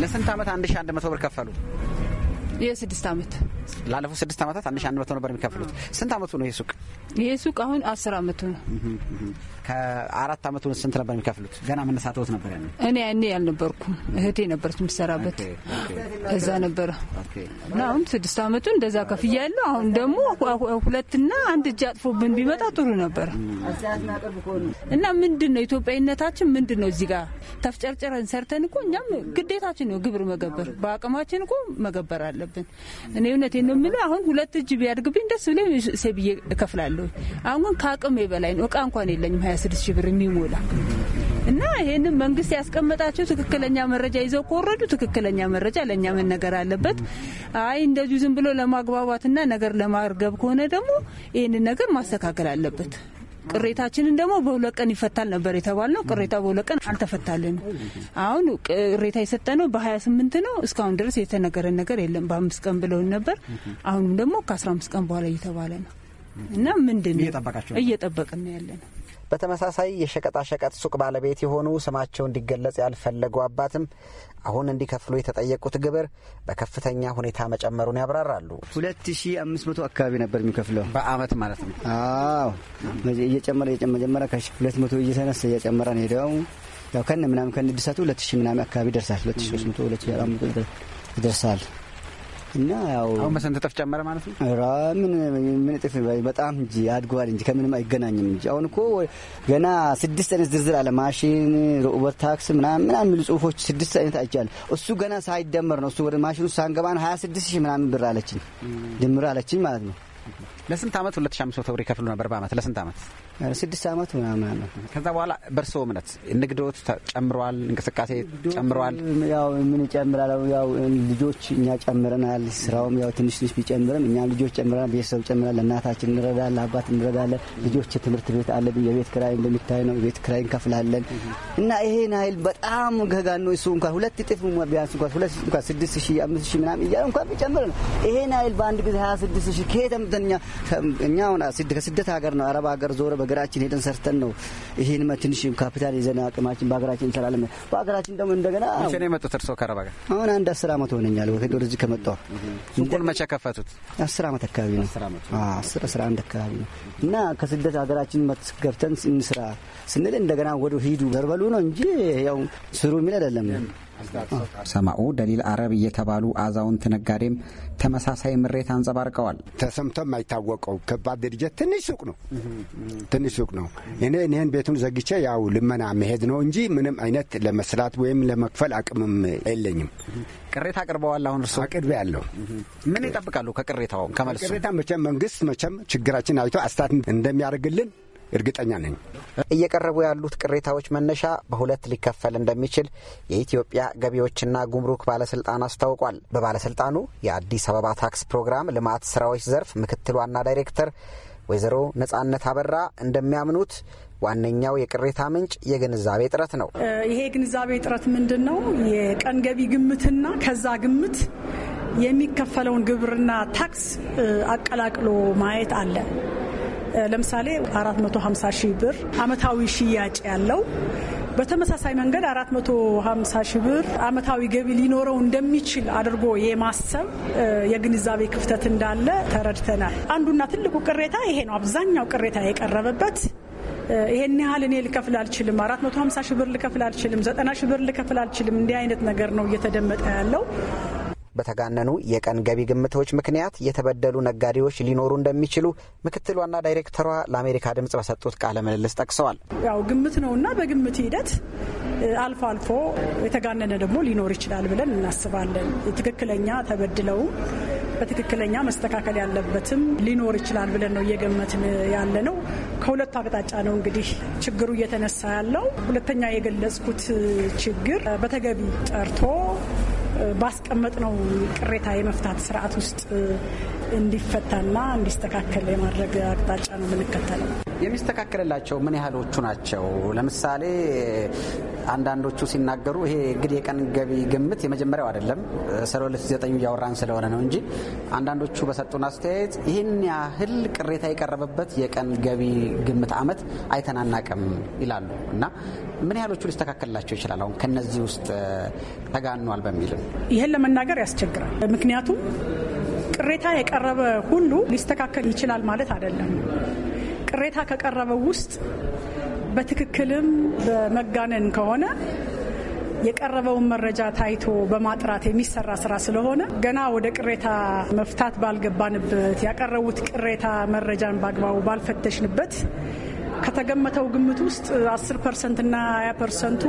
ለስንት ዓመት አንድ ሺ አንድ መቶ ብር ከፈሉ የስድስት ዓመት ላለፉት ስድስት ዓመታት አንድ ሺ አንድ መቶ ነበር የሚከፍሉት። ስንት ዓመቱ ነው ይህ ሱቅ? ይህ ሱቅ አሁን አስር ዓመቱ ነው። ከአራት ወደ ስንት ነበር የሚከፍሉት? ገና መነሳተውት ነበር ያ እኔ ያኔ ያልነበርኩም እህቴ ነበረች የምትሰራበት እዛ ነበረ እና አሁን ስድስት አመቱ እንደዛ ከፍያ ያለው አሁን ደግሞ ሁለትና አንድ እጅ አጥፎብን ቢመጣ ጥሩ ነበር። እና ምንድን ነው ኢትዮጵያዊነታችን ምንድን ነው? እዚህ ጋር ተፍጨርጨረን ሰርተን እኮ እኛም ግዴታችን ነው ግብር መገበር፣ በአቅማችን እኮ መገበር አለብን። እኔ እውነቴን ነው አሁን ሁለት እጅ ቢያድግብኝ ደስ ብሎ ሴብዬ እከፍላለሁ። አሁን ግን ከአቅሜ በላይ ነው። እቃ እንኳን የለኝም 26 ሺህ ብር የሚሞላ እና ይህንም መንግስት ያስቀመጣቸው ትክክለኛ መረጃ ይዘው ከወረዱ ትክክለኛ መረጃ ለእኛ መነገር አለበት። አይ እንደዚሁ ዝም ብሎ ለማግባባትና ነገር ለማርገብ ከሆነ ደግሞ ይህንን ነገር ማስተካከል አለበት። ቅሬታችንን ደግሞ በሁለት ቀን ይፈታል ነበር የተባልነው። ቅሬታ በሁለት ቀን አልተፈታልን። አሁን ቅሬታ የሰጠነው በሀያ ስምንት ነው። እስካሁን ድረስ የተነገረን ነገር የለም። በአምስት ቀን ብለውን ነበር። አሁንም ደግሞ ከአስራ አምስት ቀን በኋላ እየተባለ ነው እና ምንድን ነው እየጠበቅን ያለ ነው በተመሳሳይ የሸቀጣሸቀጥ ሱቅ ባለቤት የሆኑ ስማቸው እንዲገለጽ ያልፈለጉ አባትም አሁን እንዲከፍሉ የተጠየቁት ግብር በከፍተኛ ሁኔታ መጨመሩን ያብራራሉ። ሁለት ሺ አምስት መቶ አካባቢ ነበር የሚከፍለው በአመት ማለት ነው። አዎ እየጨመረ እየጨመረ ሁለት መቶ እየተነሳ እየጨመረን ሄደው ያው ከን ምናምን ከን ድሳቱ ሁለት ሺ ምናምን አካባቢ ይደርሳል። ሁለት ሺ ሶስት መቶ ሁለት ሺ አራት መቶ ይደርሳል። እና ያው አሁን መሰንት እጥፍ ጨመረ ማለት ነው። ምን ምን እጥፍ በጣም እንጂ አድጓል እንጂ ከምንም አይገናኝም እንጂ አሁን እኮ ገና ስድስት አይነት ዝርዝር አለ ማሽን ኦቨር ታክስ ምናምን ምናምን የሚሉ ጽሁፎች ስድስት አይነት አይቻል። እሱ ገና ሳይደመር ነው እሱ ወደ ማሽኑ ሳንገባን ሀያ ስድስት ሺህ ምናምን ብር አለችኝ ድምር አለችኝ ማለት ነው። ለስንት አመት ሁለት ሺህ አምስት መቶ ብር ይከፍሉ ነበር በአመት ለስንት አመት ስድስት ዓመት ምናምን ከዛ በኋላ በእርስዎ እምነት ንግዶት ጨምረዋል፣ እንቅስቃሴ ጨምረዋል። ያው ምን ይጨምራል? ያው ልጆች እኛ ጨምረናል። ስራውም ያው ትንሽ ትንሽ ቢጨምርም እኛ ልጆች ጨምረናል፣ ቤተሰብ ጨምረናል። ለእናታችን እንረዳለን፣ አባት እንረዳለን። ልጆች ትምህርት ቤት አለብን። የቤት ክራይ እንደሚታይ ነው፣ ቤት ክራይ እንከፍላለን። እና ይሄን ኃይል በጣም ገጋኖ እሱ እንኳን ሁለት እጥፍ ቢያንስ እንኳን ሁለት እንኳን ስድስት ሺህ አምስት ሺህ ምናምን እያለ እንኳን ቢጨምር ነው ይሄን ኃይል በአንድ ጊዜ ሀያ ስድስት ሺህ ከየት እኛ ከስደት ሀገር ነው አረብ ሀገር ዞረ በሀገራችን ሄደን ሰርተን ነው ይሄን ትንሽም ካፒታል ይዘን አቅማችን በሀገራችን እንሰራለን። በሀገራችን ደግሞ እንደገና ነው የመጡት። እርስዎ ከረባ ጋር አሁን አንድ አስር አመት ሆነኛል ወደዚህ ከመጣሁ። ሱቁን መቼ ከፈቱት? አስር አመት አካባቢ ነው አስር አስራ አንድ አካባቢ ነው እና ከስደት ሀገራችን ገብተን እንስራ ስንል እንደገና ወደ ሂዱ በርበሉ ነው እንጂ ያው ስሩ የሚል አይደለም። ሰማኡ ደሊል አረብ እየተባሉ አዛውንት ነጋዴም ተመሳሳይ ምሬት አንጸባርቀዋል። ተሰምቶ የማይታወቀው ከባድ ድርጅት ትንሽ ሱቅ ነው፣ ትንሽ ሱቅ ነው። እኔ እኔን ቤቱን ዘግቼ ያው ልመና መሄድ ነው እንጂ ምንም አይነት ለመስራት ወይም ለመክፈል አቅምም የለኝም። ቅሬታ አቅርበዋል። አሁን እርስ አቅርቤ ያለው ምን ይጠብቃሉ? ከቅሬታው ከመልሱ ቅሬታ መቼም መንግስት መቼም ችግራችን አይቶ አስታት እንደሚያደርግልን እርግጠኛ ነኝ። እየቀረቡ ያሉት ቅሬታዎች መነሻ በሁለት ሊከፈል እንደሚችል የኢትዮጵያ ገቢዎችና ጉምሩክ ባለስልጣን አስታውቋል። በባለስልጣኑ የአዲስ አበባ ታክስ ፕሮግራም ልማት ስራዎች ዘርፍ ምክትል ዋና ዳይሬክተር ወይዘሮ ነጻነት አበራ እንደሚያምኑት ዋነኛው የቅሬታ ምንጭ የግንዛቤ እጥረት ነው። ይሄ የግንዛቤ እጥረት ምንድን ነው? የቀን ገቢ ግምትና ከዛ ግምት የሚከፈለውን ግብርና ታክስ አቀላቅሎ ማየት አለ። ለምሳሌ 450 ሺህ ብር አመታዊ ሽያጭ ያለው በተመሳሳይ መንገድ 450 ሺህ ብር አመታዊ ገቢ ሊኖረው እንደሚችል አድርጎ የማሰብ የግንዛቤ ክፍተት እንዳለ ተረድተናል። አንዱና ትልቁ ቅሬታ ይሄ ነው። አብዛኛው ቅሬታ የቀረበበት ይሄን ያህል እኔ ልከፍል አልችልም፣ 450 ሺህ ብር ልከፍል አልችልም፣ 90 ሺህ ብር ልከፍል አልችልም። እንዲህ አይነት ነገር ነው እየተደመጠ ያለው። በተጋነኑ የቀን ገቢ ግምቶች ምክንያት የተበደሉ ነጋዴዎች ሊኖሩ እንደሚችሉ ምክትል ዋና ዳይሬክተሯ ለአሜሪካ ድምጽ በሰጡት ቃለ ምልልስ ጠቅሰዋል። ያው ግምት ነው እና በግምት ሂደት አልፎ አልፎ የተጋነነ ደግሞ ሊኖር ይችላል ብለን እናስባለን። ትክክለኛ ተበድለውም በትክክለኛ መስተካከል ያለበትም ሊኖር ይችላል ብለን ነው እየገመትን ያለ ነው። ከሁለቱ አቅጣጫ ነው እንግዲህ ችግሩ እየተነሳ ያለው። ሁለተኛ የገለጽኩት ችግር በተገቢ ጠርቶ ባስቀመጥ ነው ቅሬታ የመፍታት ስርዓት ውስጥ እንዲፈታና እንዲስተካከል የማድረግ አቅጣጫ ነው የምንከተለው። የሚስተካከልላቸው ምን ያህሎቹ ናቸው? ለምሳሌ አንዳንዶቹ ሲናገሩ ይሄ እንግዲህ የቀን ገቢ ግምት የመጀመሪያው አይደለም ስለ ሁለት ዘጠኙ እያወራን ስለሆነ ነው እንጂ አንዳንዶቹ በሰጡን አስተያየት ይህን ያህል ቅሬታ የቀረበበት የቀን ገቢ ግምት አመት አይተናናቅም ይላሉ እና ምን ያህሎቹ ሊስተካከልላቸው ይችላል? አሁን ከነዚህ ውስጥ ተጋኗል በሚል ይህን ለመናገር ያስቸግራል። ምክንያቱም ቅሬታ የቀረበ ሁሉ ሊስተካከል ይችላል ማለት አይደለም። ቅሬታ ከቀረበው ውስጥ በትክክልም በመጋነን ከሆነ የቀረበውን መረጃ ታይቶ በማጥራት የሚሰራ ስራ ስለሆነ ገና ወደ ቅሬታ መፍታት ባልገባንበት ያቀረቡት ቅሬታ መረጃን በአግባቡ ባልፈተሽንበት ከተገመተው ግምት ውስጥ 10 ፐርሰንት እና 20 ፐርሰንቱ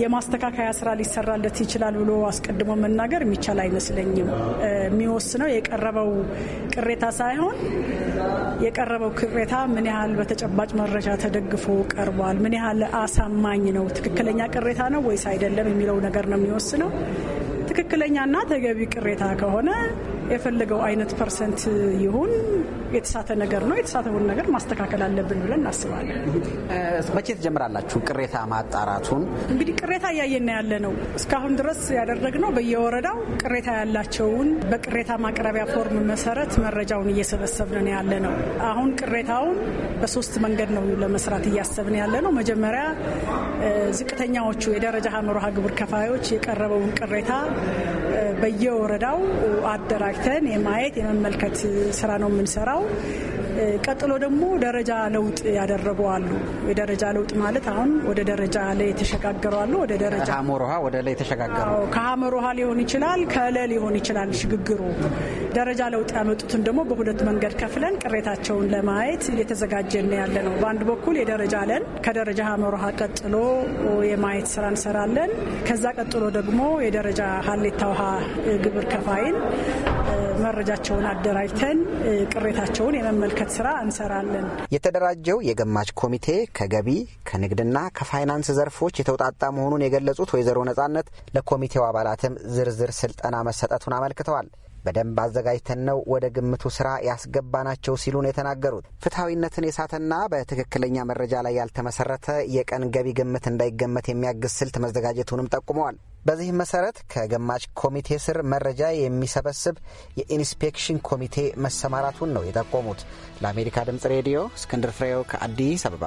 የማስተካከያ ስራ ሊሰራለት ይችላል ብሎ አስቀድሞ መናገር የሚቻል አይመስለኝም። የሚወስነው የቀረበው ቅሬታ ሳይሆን የቀረበው ቅሬታ ምን ያህል በተጨባጭ መረጃ ተደግፎ ቀርቧል፣ ምን ያህል አሳማኝ ነው፣ ትክክለኛ ቅሬታ ነው ወይስ አይደለም የሚለው ነገር ነው የሚወስነው። ትክክለኛና ተገቢ ቅሬታ ከሆነ የፈለገው አይነት ፐርሰንት ይሁን የተሳተ ነገር ነው። የተሳተውን ነገር ማስተካከል አለብን ብለን እናስባለን። መቼ ትጀምራላችሁ ቅሬታ ማጣራቱን? እንግዲህ ቅሬታ እያየን ያለ ነው። እስካሁን ድረስ ያደረግነው በየወረዳው ቅሬታ ያላቸውን በቅሬታ ማቅረቢያ ፎርም መሰረት መረጃውን እየሰበሰብን ያለ ነው። አሁን ቅሬታውን በሶስት መንገድ ነው ለመስራት እያሰብን ያለ ነው። መጀመሪያ ዝቅተኛዎቹ የደረጃ ሀ መርሃ ግብር ከፋዮች የቀረበውን ቅሬታ በየወረዳው አደራጅተን የማየት የመመልከት ስራ ነው የምንሰራው። ቀጥሎ ደግሞ ደረጃ ለውጥ ያደረጉ አሉ። የደረጃ ለውጥ ማለት አሁን ወደ ደረጃ ላይ የተሸጋገሩ አሉ። ወደ ደረጃ ከሀመር ውሃ ወደ ላይ የተሸጋገሩ ከሀመር ውሃ ሊሆን ይችላል፣ ከለ ሊሆን ይችላል ሽግግሩ ደረጃ ለውጥ ያመጡትን ደግሞ በሁለት መንገድ ከፍለን ቅሬታቸውን ለማየት እየተዘጋጀን ያለ ነው። በአንድ በኩል የደረጃ ለን ከደረጃ ሀመሮሃ ቀጥሎ የማየት ስራ እንሰራለን። ከዛ ቀጥሎ ደግሞ የደረጃ ሀሌታ ውሃ ግብር ከፋይን መረጃቸውን አደራጅተን ቅሬታቸውን የመመልከት ስራ እንሰራለን። የተደራጀው የገማች ኮሚቴ ከገቢ ከንግድና ከፋይናንስ ዘርፎች የተውጣጣ መሆኑን የገለጹት ወይዘሮ ነጻነት ለኮሚቴው አባላትም ዝርዝር ስልጠና መሰጠቱን አመልክተዋል። በደንብ አዘጋጅተን ነው ወደ ግምቱ ስራ ያስገባናቸው ሲሉ ነው የተናገሩት። ፍትሐዊነትን የሳተና በትክክለኛ መረጃ ላይ ያልተመሰረተ የቀን ገቢ ግምት እንዳይገመት የሚያግዝ ስልት መዘጋጀቱንም ጠቁመዋል። በዚህም መሰረት ከገማች ኮሚቴ ስር መረጃ የሚሰበስብ የኢንስፔክሽን ኮሚቴ መሰማራቱን ነው የጠቆሙት። ለአሜሪካ ድምጽ ሬዲዮ እስክንድር ፍሬው ከአዲስ አበባ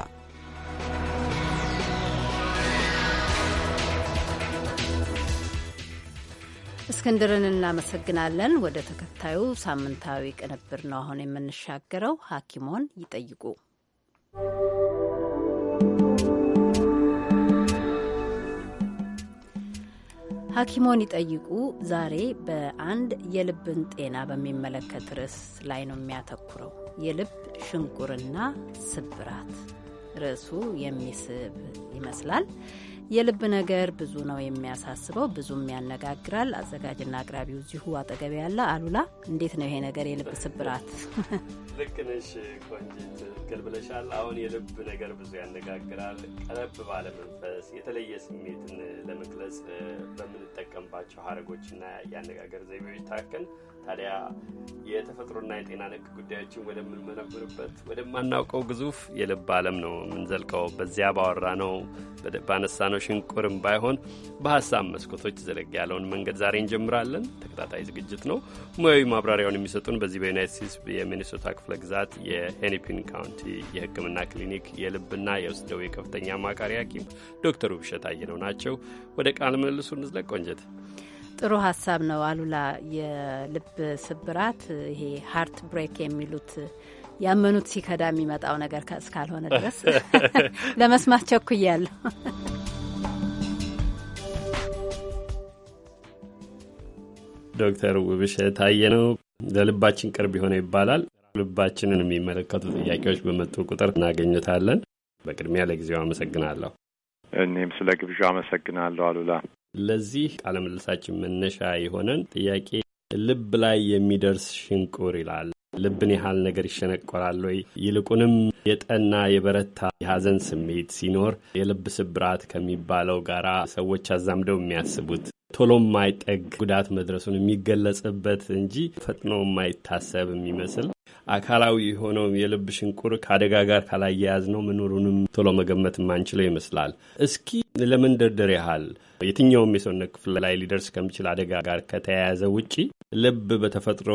እስክንድርን እናመሰግናለን። ወደ ተከታዩ ሳምንታዊ ቅንብር ነው አሁን የምንሻገረው። ሐኪሞን ይጠይቁ ሐኪሞን ይጠይቁ ዛሬ በአንድ የልብን ጤና በሚመለከት ርዕስ ላይ ነው የሚያተኩረው። የልብ ሽንቁርና ስብራት ርዕሱ የሚስብ ይመስላል። የልብ ነገር ብዙ ነው የሚያሳስበው፣ ብዙም ያነጋግራል። አዘጋጅና አቅራቢው እዚሁ አጠገብ ያለ አሉላ፣ እንዴት ነው ይሄ ነገር የልብ ስብራት? ልክ ነሽ ቆንጂት፣ ትክክል ብለሻል። አሁን የልብ ነገር ብዙ ያነጋግራል። ቀረብ ባለ መንፈስ የተለየ ስሜትን ለመግለጽ በምንጠቀምባቸው ሀረጎችና የአነጋገር ዘይቤዎች ታከን ታዲያ የተፈጥሮና የጤና ነክ ጉዳዮችን ወደምንመረምርበት ወደማናውቀው ግዙፍ የልብ ዓለም ነው የምንዘልቀው። በዚያ ባወራ ነው ባነሳ ነው ሽንቁርም ባይሆን በሀሳብ መስኮቶች ዘለግ ያለውን መንገድ ዛሬ እንጀምራለን። ተከታታይ ዝግጅት ነው። ሙያዊ ማብራሪያውን የሚሰጡን በዚህ በዩናይት ስቴትስ የሚኒሶታ ክፍለ ግዛት የሄኒፒን ካውንቲ የሕክምና ክሊኒክ የልብና የውስጥ ደዌ ከፍተኛ አማካሪ ሐኪም ዶክተር ብሸት አየነው ናቸው። ወደ ቃል ምልልሱ እንዝለቅ ቆንጀት ጥሩ ሀሳብ ነው አሉላ። የልብ ስብራት ይሄ ሀርት ብሬክ የሚሉት ያመኑት ሲከዳ የሚመጣው ነገር እስካልሆነ ድረስ ለመስማት ቸኩያለሁ። ዶክተር ውብሸ ታየ ነው ለልባችን ቅርብ የሆነ ይባላል። ልባችንን የሚመለከቱ ጥያቄዎች በመጡ ቁጥር እናገኘታለን። በቅድሚያ ለጊዜው አመሰግናለሁ። እኔም ስለ ግብዣ አመሰግናለሁ አሉላ። ለዚህ ቃለ ምልልሳችን መነሻ የሆነን ጥያቄ ልብ ላይ የሚደርስ ሽንቁር ይላል። ልብን ያህል ነገር ይሸነቆራል ወይ? ይልቁንም የጠና የበረታ የሐዘን ስሜት ሲኖር የልብ ስብራት ከሚባለው ጋራ ሰዎች አዛምደው የሚያስቡት ቶሎ የማይጠግ ጉዳት መድረሱን የሚገለጽበት እንጂ ፈጥኖ የማይታሰብ የሚመስል አካላዊ የሆነው የልብ ሽንቁር ከአደጋ ጋር ካላያያዝ ነው መኖሩንም ቶሎ መገመት የማንችለው ይመስላል። እስኪ ለመንደርደር ያህል የትኛውም የሰውነት ክፍል ላይ ሊደርስ ከሚችል አደጋ ጋር ከተያያዘ ውጪ ልብ በተፈጥሮ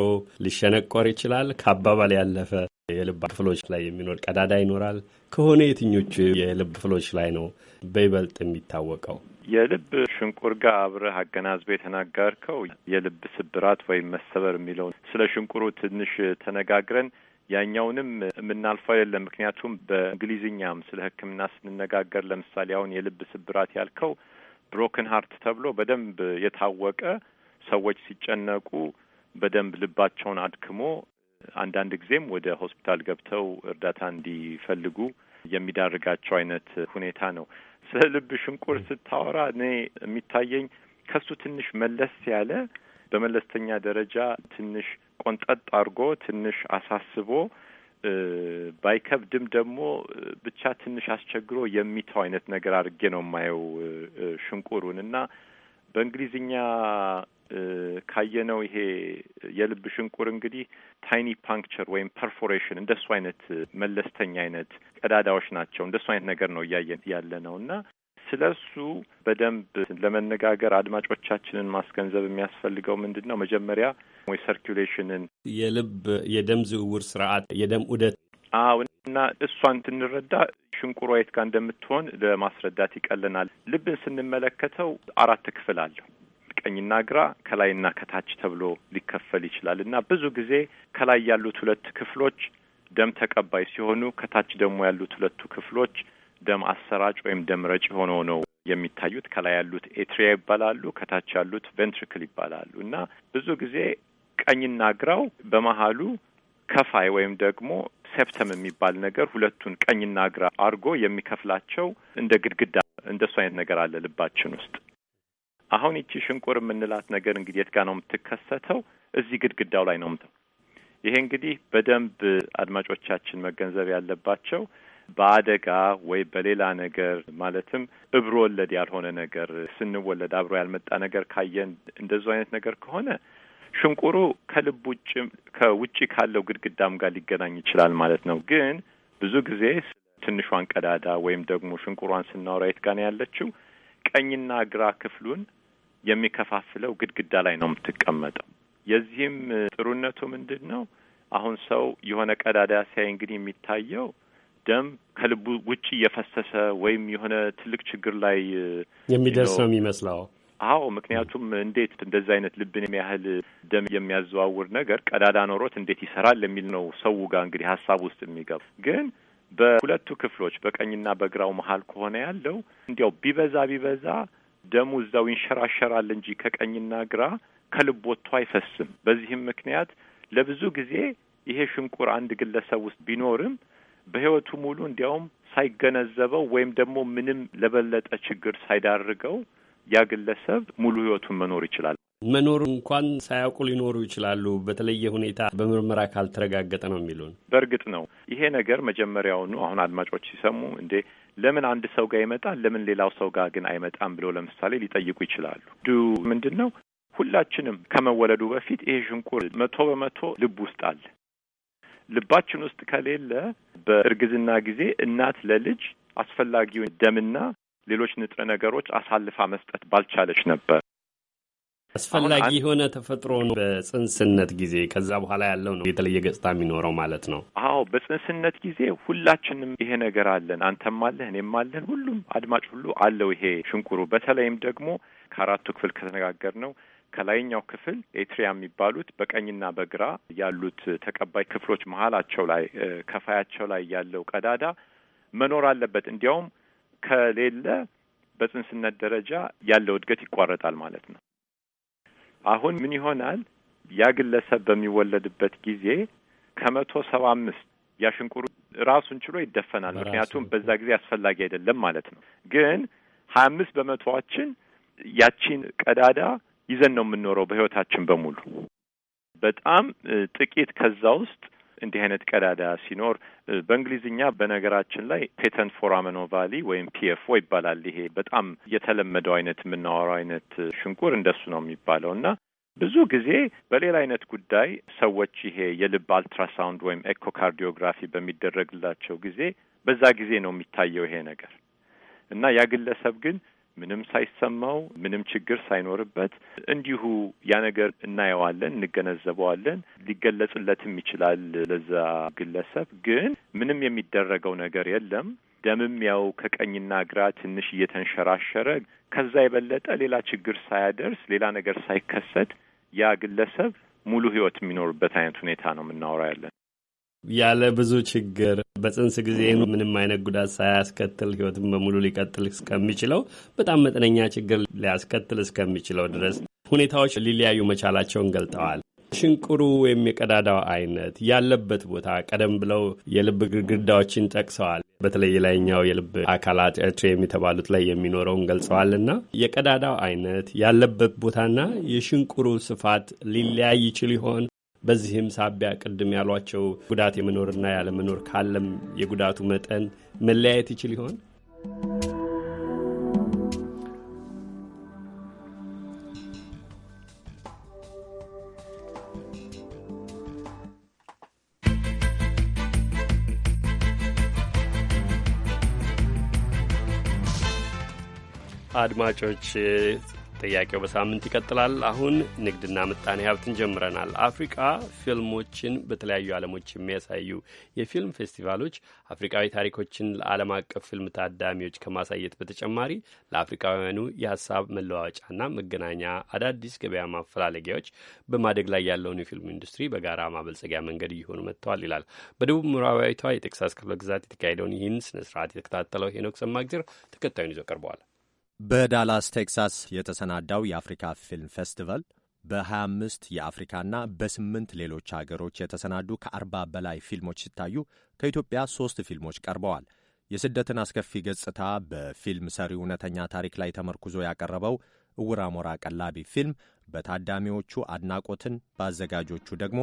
ሊሸነቆር ይችላል። ከአባባል ያለፈ የልብ ክፍሎች ላይ የሚኖር ቀዳዳ ይኖራል ከሆነ የትኞቹ የልብ ክፍሎች ላይ ነው በይበልጥ የሚታወቀው? የልብ ሽንቁር ጋር አብረህ አገናዝበ የተናገርከው የልብ ስብራት ወይም መሰበር የሚለው ስለ ሽንቁሩ ትንሽ ተነጋግረን ያኛውንም የምናልፈው አይደለም። ምክንያቱም በእንግሊዝኛም ስለ ሕክምና ስንነጋገር ለምሳሌ አሁን የልብ ስብራት ያልከው ብሮክን ሀርት ተብሎ በደንብ የታወቀ ሰዎች ሲጨነቁ በደንብ ልባቸውን አድክሞ አንዳንድ ጊዜም ወደ ሆስፒታል ገብተው እርዳታ እንዲፈልጉ የሚዳርጋቸው አይነት ሁኔታ ነው። ስለ ልብ ሽንቁር ስታወራ እኔ የሚታየኝ ከሱ ትንሽ መለስ ያለ በመለስተኛ ደረጃ ትንሽ ቆንጠጥ አድርጎ ትንሽ አሳስቦ ባይከብድም ደግሞ ብቻ ትንሽ አስቸግሮ የሚተው አይነት ነገር አድርጌ ነው የማየው ሽንቁሩን እና በእንግሊዝኛ ካየነው ይሄ የልብ ሽንቁር እንግዲህ ታይኒ ፓንክቸር ወይም ፐርፎሬሽን እንደሱ አይነት መለስተኛ አይነት ቀዳዳዎች ናቸው። እንደሱ አይነት ነገር ነው እያየን ያለ ነው እና ስለ እሱ በደንብ ለመነጋገር አድማጮቻችንን ማስገንዘብ የሚያስፈልገው ምንድን ነው? መጀመሪያ ወይ ሰርኪሌሽንን የልብ የደም ዝውውር ስርዓት የደም ውደት አዎ እና እሷን እንድንረዳ ሽንቁሯ የት ጋር እንደምትሆን ለማስረዳት ይቀልናል። ልብን ስንመለከተው አራት ክፍል አለው። ቀኝና ግራ፣ ከላይና ከታች ተብሎ ሊከፈል ይችላል እና ብዙ ጊዜ ከላይ ያሉት ሁለት ክፍሎች ደም ተቀባይ ሲሆኑ፣ ከታች ደግሞ ያሉት ሁለቱ ክፍሎች ደም አሰራጭ ወይም ደም ረጭ ሆነው ነው የሚታዩት። ከላይ ያሉት ኤትሪያ ይባላሉ፣ ከታች ያሉት ቬንትሪክል ይባላሉ እና ብዙ ጊዜ ቀኝና ግራው በመሀሉ ከፋይ ወይም ደግሞ ሴፕተም የሚባል ነገር ሁለቱን ቀኝና ግራ አድርጎ የሚከፍላቸው እንደ ግድግዳ እሱ አይነት ነገር አለ ልባችን ውስጥ። አሁን ይቺ ሽንቁር የምንላት ነገር እንግዲህ የት ጋ ነው የምትከሰተው? እዚህ ግድግዳው ላይ ነው ምተው። ይሄ እንግዲህ በደንብ አድማጮቻችን መገንዘብ ያለባቸው በአደጋ ወይ በሌላ ነገር ማለትም እብሮ ወለድ ያልሆነ ነገር ስንወለድ አብሮ ያልመጣ ነገር ካየን እንደዙ አይነት ነገር ከሆነ ሽንቁሩ ከልብ ውጭ ከውጭ ካለው ግድግዳም ጋር ሊገናኝ ይችላል ማለት ነው። ግን ብዙ ጊዜ ትንሿን ቀዳዳ ወይም ደግሞ ሽንቁሯን ስናወራ የት ጋር ነው ያለችው? ቀኝና ግራ ክፍሉን የሚከፋፍለው ግድግዳ ላይ ነው የምትቀመጠው። የዚህም ጥሩነቱ ምንድን ነው? አሁን ሰው የሆነ ቀዳዳ ሲያይ እንግዲህ የሚታየው ደም ከልቡ ውጭ እየፈሰሰ ወይም የሆነ ትልቅ ችግር ላይ የሚደርስ ነው የሚመስለው። አዎ፣ ምክንያቱም እንዴት እንደዚህ አይነት ልብን የሚያህል ደም የሚያዘዋውር ነገር ቀዳዳ ኖሮት እንዴት ይሰራል የሚል ነው ሰው ጋር እንግዲህ ሀሳብ ውስጥ የሚገባ ግን በሁለቱ ክፍሎች በቀኝና በግራው መሀል ከሆነ ያለው እንዲያው ቢበዛ ቢበዛ ደሙ እዛው ይንሸራሸራል እንጂ ከቀኝና ግራ ከልቦቱ አይፈስም። በዚህም ምክንያት ለብዙ ጊዜ ይሄ ሽንቁር አንድ ግለሰብ ውስጥ ቢኖርም በህይወቱ ሙሉ እንዲያውም ሳይገነዘበው ወይም ደግሞ ምንም ለበለጠ ችግር ሳይዳርገው ያ ግለሰብ ሙሉ ህይወቱን መኖር ይችላል። መኖር እንኳን ሳያውቁ ሊኖሩ ይችላሉ። በተለየ ሁኔታ በምርመራ ካልተረጋገጠ ነው የሚሉን። በእርግጥ ነው ይሄ ነገር መጀመሪያውኑ አሁን አድማጮች ሲሰሙ እንዴ ለምን አንድ ሰው ጋር ይመጣል፣ ለምን ሌላው ሰው ጋር ግን አይመጣም ብለው ለምሳሌ ሊጠይቁ ይችላሉ። ዱ ምንድን ነው ሁላችንም ከመወለዱ በፊት ይሄ ሽንቁር መቶ በመቶ ልብ ውስጥ አለ። ልባችን ውስጥ ከሌለ በእርግዝና ጊዜ እናት ለልጅ አስፈላጊውን ደምና ሌሎች ንጥረ ነገሮች አሳልፋ መስጠት ባልቻለች ነበር። አስፈላጊ የሆነ ተፈጥሮ ነው በጽንስነት ጊዜ። ከዛ በኋላ ያለው ነው የተለየ ገጽታ የሚኖረው ማለት ነው። አዎ በጽንስነት ጊዜ ሁላችንም ይሄ ነገር አለን። አንተም አለህ፣ እኔም አለን። ሁሉም አድማጭ ሁሉ አለው ይሄ ሽንቁሩ። በተለይም ደግሞ ከአራቱ ክፍል ከተነጋገር ነው ከላይኛው ክፍል ኤትሪያ የሚባሉት በቀኝና በግራ ያሉት ተቀባይ ክፍሎች መሀላቸው ላይ ከፋያቸው ላይ ያለው ቀዳዳ መኖር አለበት እንዲያውም ከሌለ በጽንስነት ደረጃ ያለው እድገት ይቋረጣል ማለት ነው። አሁን ምን ይሆናል? ያ ግለሰብ በሚወለድበት ጊዜ ከመቶ ሰባ አምስት ያሽንቁሩ ራሱን ችሎ ይደፈናል። ምክንያቱም በዛ ጊዜ አስፈላጊ አይደለም ማለት ነው። ግን ሀያ አምስት በመቶዋችን ያቺን ቀዳዳ ይዘን ነው የምንኖረው በህይወታችን በሙሉ በጣም ጥቂት ከዛ ውስጥ እንዲህ አይነት ቀዳዳ ሲኖር በእንግሊዝኛ በነገራችን ላይ ፔተንት ፎር አመኖቫሊ ወይም ፒኤፍኦ ይባላል። ይሄ በጣም የተለመደው አይነት የምናወራው አይነት ሽንቁር እንደሱ ነው የሚባለው እና ብዙ ጊዜ በሌላ አይነት ጉዳይ ሰዎች ይሄ የልብ አልትራሳውንድ ወይም ኤኮካርዲዮግራፊ በሚደረግላቸው ጊዜ በዛ ጊዜ ነው የሚታየው ይሄ ነገር እና ያ ግለሰብ ግን ምንም ሳይሰማው ምንም ችግር ሳይኖርበት እንዲሁ ያ ነገር እናየዋለን፣ እንገነዘበዋለን፣ ሊገለጽለትም ይችላል ለዛ ግለሰብ። ግን ምንም የሚደረገው ነገር የለም። ደምም ያው ከቀኝና ግራ ትንሽ እየተንሸራሸረ ከዛ የበለጠ ሌላ ችግር ሳያደርስ ሌላ ነገር ሳይከሰት ያ ግለሰብ ሙሉ ህይወት የሚኖርበት አይነት ሁኔታ ነው የምናወራ ያለን። ያለ ብዙ ችግር በጽንስ ጊዜ ምንም አይነት ጉዳት ሳያስከትል ህይወትን በሙሉ ሊቀጥል እስከሚችለው በጣም መጠነኛ ችግር ሊያስከትል እስከሚችለው ድረስ ሁኔታዎች ሊለያዩ መቻላቸውን ገልጠዋል። ሽንቁሩ ወይም የቀዳዳው አይነት ያለበት ቦታ ቀደም ብለው የልብ ግድግዳዎችን ጠቅሰዋል። በተለይ ላይኛው የልብ አካላት ኤርትሬም የተባሉት ላይ የሚኖረውን እና የቀዳዳው አይነት ያለበት ቦታና የሽንቁሩ ስፋት ሊለያይ ይችል ይሆን? በዚህም ሳቢያ ቅድም ያሏቸው ጉዳት የመኖርና ያለመኖር ካለም የጉዳቱ መጠን መለያየት ይችል ይሆን? አድማጮች ጥያቄው በሳምንት ይቀጥላል። አሁን ንግድና ምጣኔ ሀብትን ጀምረናል። አፍሪቃ ፊልሞችን በተለያዩ ዓለሞች የሚያሳዩ የፊልም ፌስቲቫሎች አፍሪቃዊ ታሪኮችን ለዓለም አቀፍ ፊልም ታዳሚዎች ከማሳየት በተጨማሪ ለአፍሪካውያኑ የሀሳብ መለዋወጫና መገናኛ አዳዲስ ገበያ ማፈላለጊያዎች በማደግ ላይ ያለውን የፊልም ኢንዱስትሪ በጋራ ማበልጸጊያ መንገድ እየሆኑ መጥተዋል ይላል። በደቡብ ምዕራባዊቷ የቴክሳስ ክፍለ ግዛት የተካሄደውን ይህን ስነስርዓት የተከታተለው ሄኖክ ሰማግዜር ተከታዩን ይዞ ቀርበዋል። በዳላስ ቴክሳስ የተሰናዳው የአፍሪካ ፊልም ፌስቲቫል በ25 የአፍሪካና በስምንት ሌሎች አገሮች የተሰናዱ ከ40 በላይ ፊልሞች ሲታዩ ከኢትዮጵያ ሦስት ፊልሞች ቀርበዋል። የስደትን አስከፊ ገጽታ በፊልም ሰሪ እውነተኛ ታሪክ ላይ ተመርኩዞ ያቀረበው እውር አሞራ ቀላቢ ፊልም በታዳሚዎቹ አድናቆትን በአዘጋጆቹ ደግሞ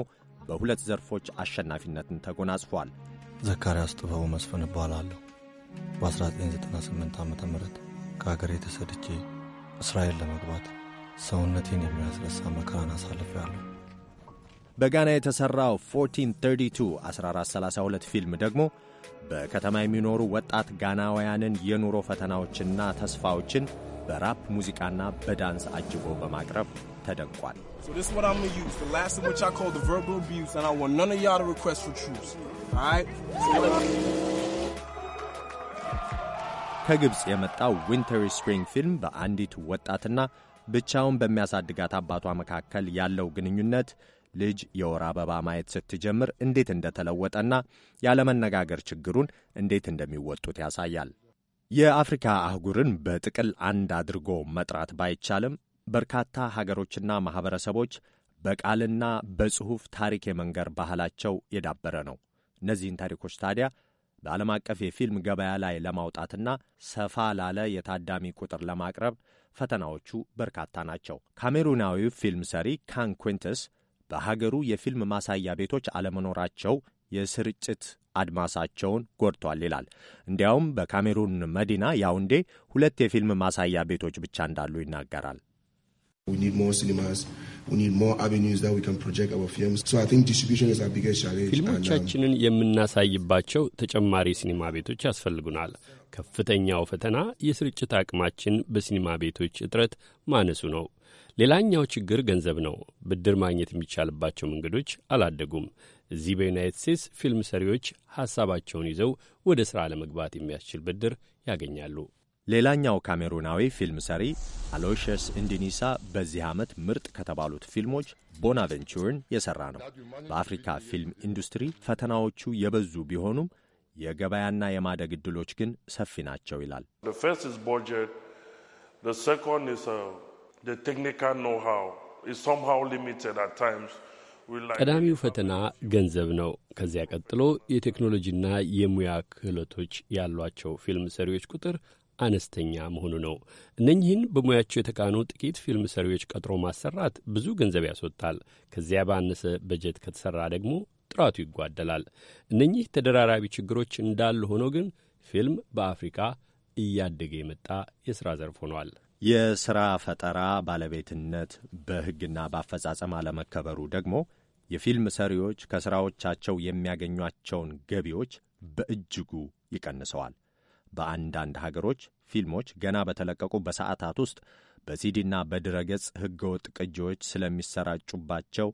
በሁለት ዘርፎች አሸናፊነትን ተጎናጽፏል። ዘካርያስ ጥበቡ መስፍን እባላለሁ። በ1998 ዓ ም ከአገሬ ተሰድጄ እስራኤል ለመግባት ሰውነቴን የሚያስረሳ መከራን አሳልፌያለሁ። በጋና የተሠራው 1432 1432 ፊልም ደግሞ በከተማ የሚኖሩ ወጣት ጋናውያንን የኑሮ ፈተናዎችና ተስፋዎችን በራፕ ሙዚቃና በዳንስ አጅቦ በማቅረብ ተደንቋል። ከግብፅ የመጣው ዊንተሪ ስፕሪንግ ፊልም በአንዲት ወጣትና ብቻውን በሚያሳድጋት አባቷ መካከል ያለው ግንኙነት ልጅ የወር አበባ ማየት ስትጀምር እንዴት እንደተለወጠና ያለመነጋገር ችግሩን እንዴት እንደሚወጡት ያሳያል። የአፍሪካ አህጉርን በጥቅል አንድ አድርጎ መጥራት ባይቻልም በርካታ ሀገሮችና ማኅበረሰቦች በቃልና በጽሑፍ ታሪክ የመንገር ባህላቸው የዳበረ ነው። እነዚህን ታሪኮች ታዲያ በዓለም አቀፍ የፊልም ገበያ ላይ ለማውጣትና ሰፋ ላለ የታዳሚ ቁጥር ለማቅረብ ፈተናዎቹ በርካታ ናቸው። ካሜሩናዊው ፊልም ሰሪ ካን ኩንተስ በሀገሩ የፊልም ማሳያ ቤቶች አለመኖራቸው የስርጭት አድማሳቸውን ጎድቷል ይላል። እንዲያውም በካሜሩን መዲና ያውንዴ ሁለት የፊልም ማሳያ ቤቶች ብቻ እንዳሉ ይናገራል። We need more cinemas. ፊልሞቻችንን um, የምናሳይባቸው ተጨማሪ ሲኒማ ቤቶች ያስፈልጉናል። ከፍተኛው ፈተና የስርጭት አቅማችን በሲኒማ ቤቶች እጥረት ማነሱ ነው። ሌላኛው ችግር ገንዘብ ነው። ብድር ማግኘት የሚቻልባቸው መንገዶች አላደጉም። እዚህ በዩናይትድ ስቴትስ ፊልም ሰሪዎች ሐሳባቸውን ይዘው ወደ ሥራ ለመግባት የሚያስችል ብድር ያገኛሉ። ሌላኛው ካሜሩናዊ ፊልም ሰሪ አሎሸስ እንዲኒሳ በዚህ ዓመት ምርጥ ከተባሉት ፊልሞች ቦናቬንቹርን የሠራ ነው። በአፍሪካ ፊልም ኢንዱስትሪ ፈተናዎቹ የበዙ ቢሆኑም የገበያና የማደግ ዕድሎች ግን ሰፊ ናቸው ይላል። uh, ቀዳሚው ፈተና ገንዘብ ነው። ከዚያ ቀጥሎ የቴክኖሎጂና የሙያ ክህሎቶች ያሏቸው ፊልም ሰሪዎች ቁጥር አነስተኛ መሆኑ ነው። እነኚህን በሙያቸው የተካኑ ጥቂት ፊልም ሰሪዎች ቀጥሮ ማሰራት ብዙ ገንዘብ ያስወጣል። ከዚያ ባነሰ በጀት ከተሰራ ደግሞ ጥራቱ ይጓደላል። እነኚህ ተደራራቢ ችግሮች እንዳሉ ሆኖ ግን ፊልም በአፍሪካ እያደገ የመጣ የሥራ ዘርፍ ሆኗል። የሥራ ፈጠራ ባለቤትነት በሕግና በአፈጻጸም አለመከበሩ ደግሞ የፊልም ሰሪዎች ከሥራዎቻቸው የሚያገኟቸውን ገቢዎች በእጅጉ ይቀንሰዋል። በአንዳንድ ሀገሮች ፊልሞች ገና በተለቀቁ በሰዓታት ውስጥ በሲዲና በድረገጽ ሕገወጥ ቅጂዎች ስለሚሰራጩባቸው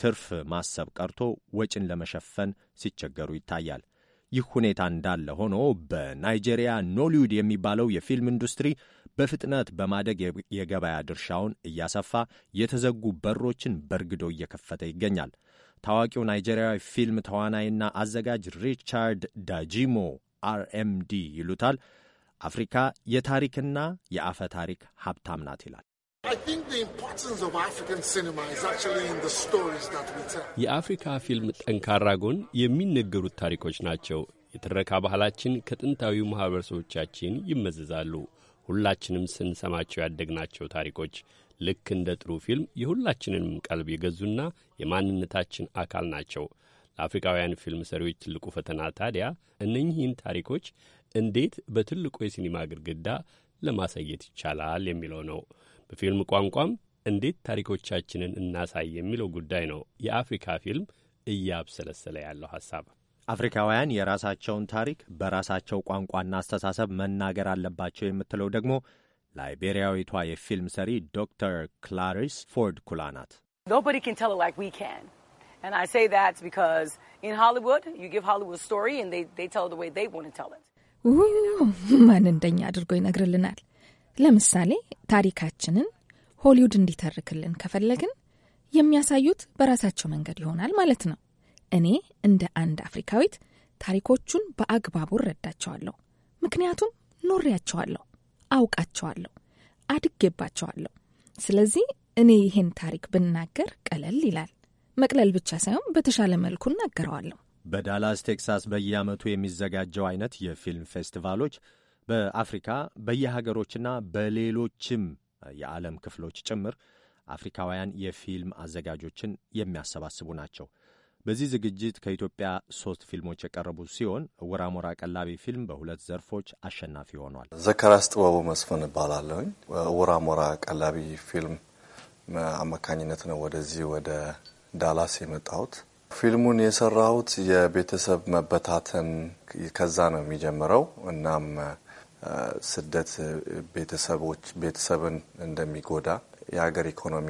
ትርፍ ማሰብ ቀርቶ ወጪን ለመሸፈን ሲቸገሩ ይታያል። ይህ ሁኔታ እንዳለ ሆኖ በናይጄሪያ ኖሊውድ የሚባለው የፊልም ኢንዱስትሪ በፍጥነት በማደግ የገበያ ድርሻውን እያሰፋ የተዘጉ በሮችን በርግዶ እየከፈተ ይገኛል። ታዋቂው ናይጄሪያዊ ፊልም ተዋናይና አዘጋጅ ሪቻርድ ዳጂሞ አርኤምዲ ይሉታል። አፍሪካ የታሪክና የአፈ ታሪክ ሀብታም ናት ይላል። የአፍሪካ ፊልም ጠንካራ ጎን የሚነገሩት ታሪኮች ናቸው። የትረካ ባህላችን ከጥንታዊ ማኅበረሰቦቻችን ይመዘዛሉ። ሁላችንም ስንሰማቸው ያደግናቸው ታሪኮች ልክ እንደ ጥሩ ፊልም የሁላችንንም ቀልብ የገዙና የማንነታችን አካል ናቸው። አፍሪካውያን ፊልም ሰሪዎች ትልቁ ፈተና ታዲያ እነኚህን ታሪኮች እንዴት በትልቁ የሲኒማ ግድግዳ ለማሳየት ይቻላል የሚለው ነው። በፊልም ቋንቋም እንዴት ታሪኮቻችንን እናሳይ የሚለው ጉዳይ ነው የአፍሪካ ፊልም እያብሰለሰለ ያለው ሀሳብ። አፍሪካውያን የራሳቸውን ታሪክ በራሳቸው ቋንቋና አስተሳሰብ መናገር አለባቸው የምትለው ደግሞ ላይቤሪያዊቷ የፊልም ሰሪ ዶክተር ክላሪስ ፎርድ ኩላ ናት። And I say that because in Hollywood, you give Hollywood a story and they, they tell it the way they want to tell it. ማን እንደኛ አድርጎ ይነግርልናል። ለምሳሌ ታሪካችንን ሆሊውድ እንዲተርክልን ከፈለግን የሚያሳዩት በራሳቸው መንገድ ይሆናል ማለት ነው። እኔ እንደ አንድ አፍሪካዊት ታሪኮቹን በአግባቡ እረዳቸዋለሁ። ምክንያቱም ኖሬያቸዋለሁ፣ አውቃቸዋለሁ፣ አድጌባቸዋለሁ። ስለዚህ እኔ ይሄን ታሪክ ብናገር ቀለል ይላል። መቅለል ብቻ ሳይሆን በተሻለ መልኩ እናገረዋለሁ። በዳላስ ቴክሳስ በየዓመቱ የሚዘጋጀው አይነት የፊልም ፌስቲቫሎች በአፍሪካ በየሀገሮችና በሌሎችም የዓለም ክፍሎች ጭምር አፍሪካውያን የፊልም አዘጋጆችን የሚያሰባስቡ ናቸው። በዚህ ዝግጅት ከኢትዮጵያ ሶስት ፊልሞች የቀረቡ ሲሆን ወራሞራ ቀላቢ ፊልም በሁለት ዘርፎች አሸናፊ ሆኗል። ዘካርያስ ጥበቡ መስፍን እባላለሁኝ። ወራሞራ ቀላቢ ፊልም አማካኝነት ነው ወደዚህ ወደ ዳላስ የመጣሁት። ፊልሙን የሰራሁት የቤተሰብ መበታተን ከዛ ነው የሚጀምረው። እናም ስደት ቤተሰቦች ቤተሰብን እንደሚጎዳ፣ የሀገር ኢኮኖሚ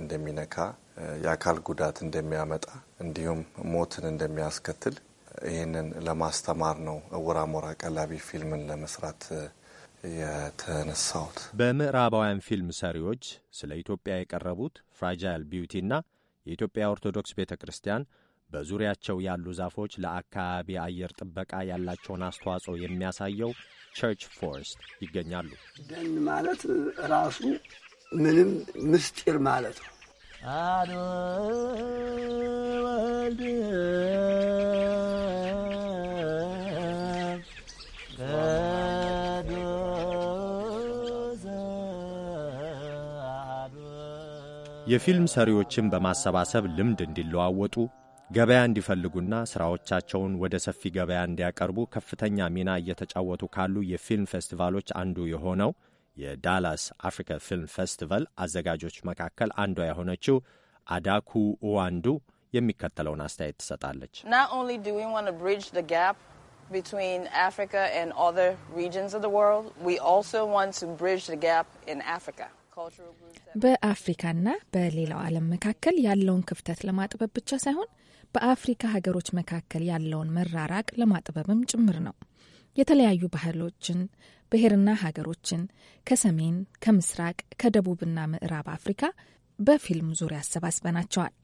እንደሚነካ፣ የአካል ጉዳት እንደሚያመጣ እንዲሁም ሞትን እንደሚያስከትል ይህንን ለማስተማር ነው እውራ ሞራ ቀላቢ ፊልምን ለመስራት የተነሳሁት። በምዕራባውያን ፊልም ሰሪዎች ስለ ኢትዮጵያ የቀረቡት ፍራጃይል ቢዩቲና የኢትዮጵያ ኦርቶዶክስ ቤተ ክርስቲያን በዙሪያቸው ያሉ ዛፎች ለአካባቢ አየር ጥበቃ ያላቸውን አስተዋጽኦ የሚያሳየው ቸርች ፎርስት ይገኛሉ። ደን ማለት ራሱ ምንም ምስጢር ማለት ነው። አዶ ወልድ የፊልም ሰሪዎችን በማሰባሰብ ልምድ እንዲለዋወጡ ገበያ እንዲፈልጉና ሥራዎቻቸውን ወደ ሰፊ ገበያ እንዲያቀርቡ ከፍተኛ ሚና እየተጫወቱ ካሉ የፊልም ፌስቲቫሎች አንዱ የሆነው የዳላስ አፍሪካ ፊልም ፌስቲቫል አዘጋጆች መካከል አንዷ የሆነችው አዳኩ ኡዋንዱ የሚከተለውን አስተያየት ትሰጣለች። በአፍሪካና በሌላው ዓለም መካከል ያለውን ክፍተት ለማጥበብ ብቻ ሳይሆን በአፍሪካ ሀገሮች መካከል ያለውን መራራቅ ለማጥበብም ጭምር ነው። የተለያዩ ባህሎችን፣ ብሔርና ሀገሮችን ከሰሜን ከምስራቅ፣ ከደቡብና ምዕራብ አፍሪካ በፊልም ዙሪያ አሰባስበናቸዋል።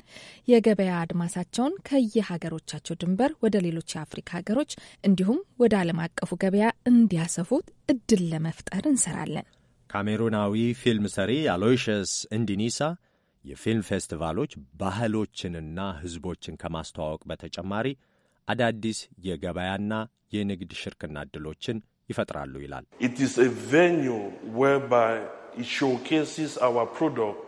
የገበያ አድማሳቸውን ከየሀገሮቻቸው ድንበር ወደ ሌሎች የአፍሪካ ሀገሮች እንዲሁም ወደ ዓለም አቀፉ ገበያ እንዲያሰፉት እድል ለመፍጠር እንሰራለን። ካሜሩናዊ ፊልም ሰሪ አሎይሸስ እንዲኒሳ የፊልም ፌስቲቫሎች ባህሎችንና ሕዝቦችን ከማስተዋወቅ በተጨማሪ አዳዲስ የገበያና የንግድ ሽርክና እድሎችን ይፈጥራሉ ይላል። ኢት ኢዝ ኤ ቬኒው ዌርባይ ኢት ሾውኬስስ አወር ፕሮዳክት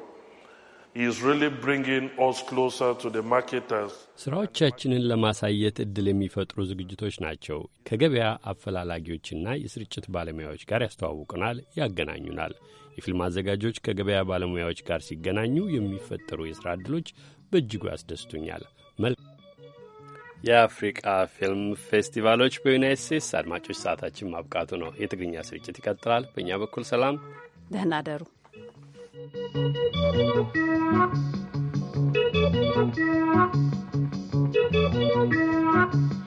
ስራዎቻችንን ለማሳየት እድል የሚፈጥሩ ዝግጅቶች ናቸው። ከገበያ አፈላላጊዎችና የስርጭት ባለሙያዎች ጋር ያስተዋውቁናል፣ ያገናኙናል። የፊልም አዘጋጆች ከገበያ ባለሙያዎች ጋር ሲገናኙ የሚፈጠሩ የሥራ ዕድሎች በእጅጉ ያስደስቱኛል። የአፍሪቃ ፊልም ፌስቲቫሎች በዩናይት ስቴትስ አድማጮች፣ ሰዓታችን ማብቃቱ ነው። የትግርኛ ስርጭት ይቀጥላል። በእኛ በኩል ሰላም፣ ደህና ደሩ። Thank you.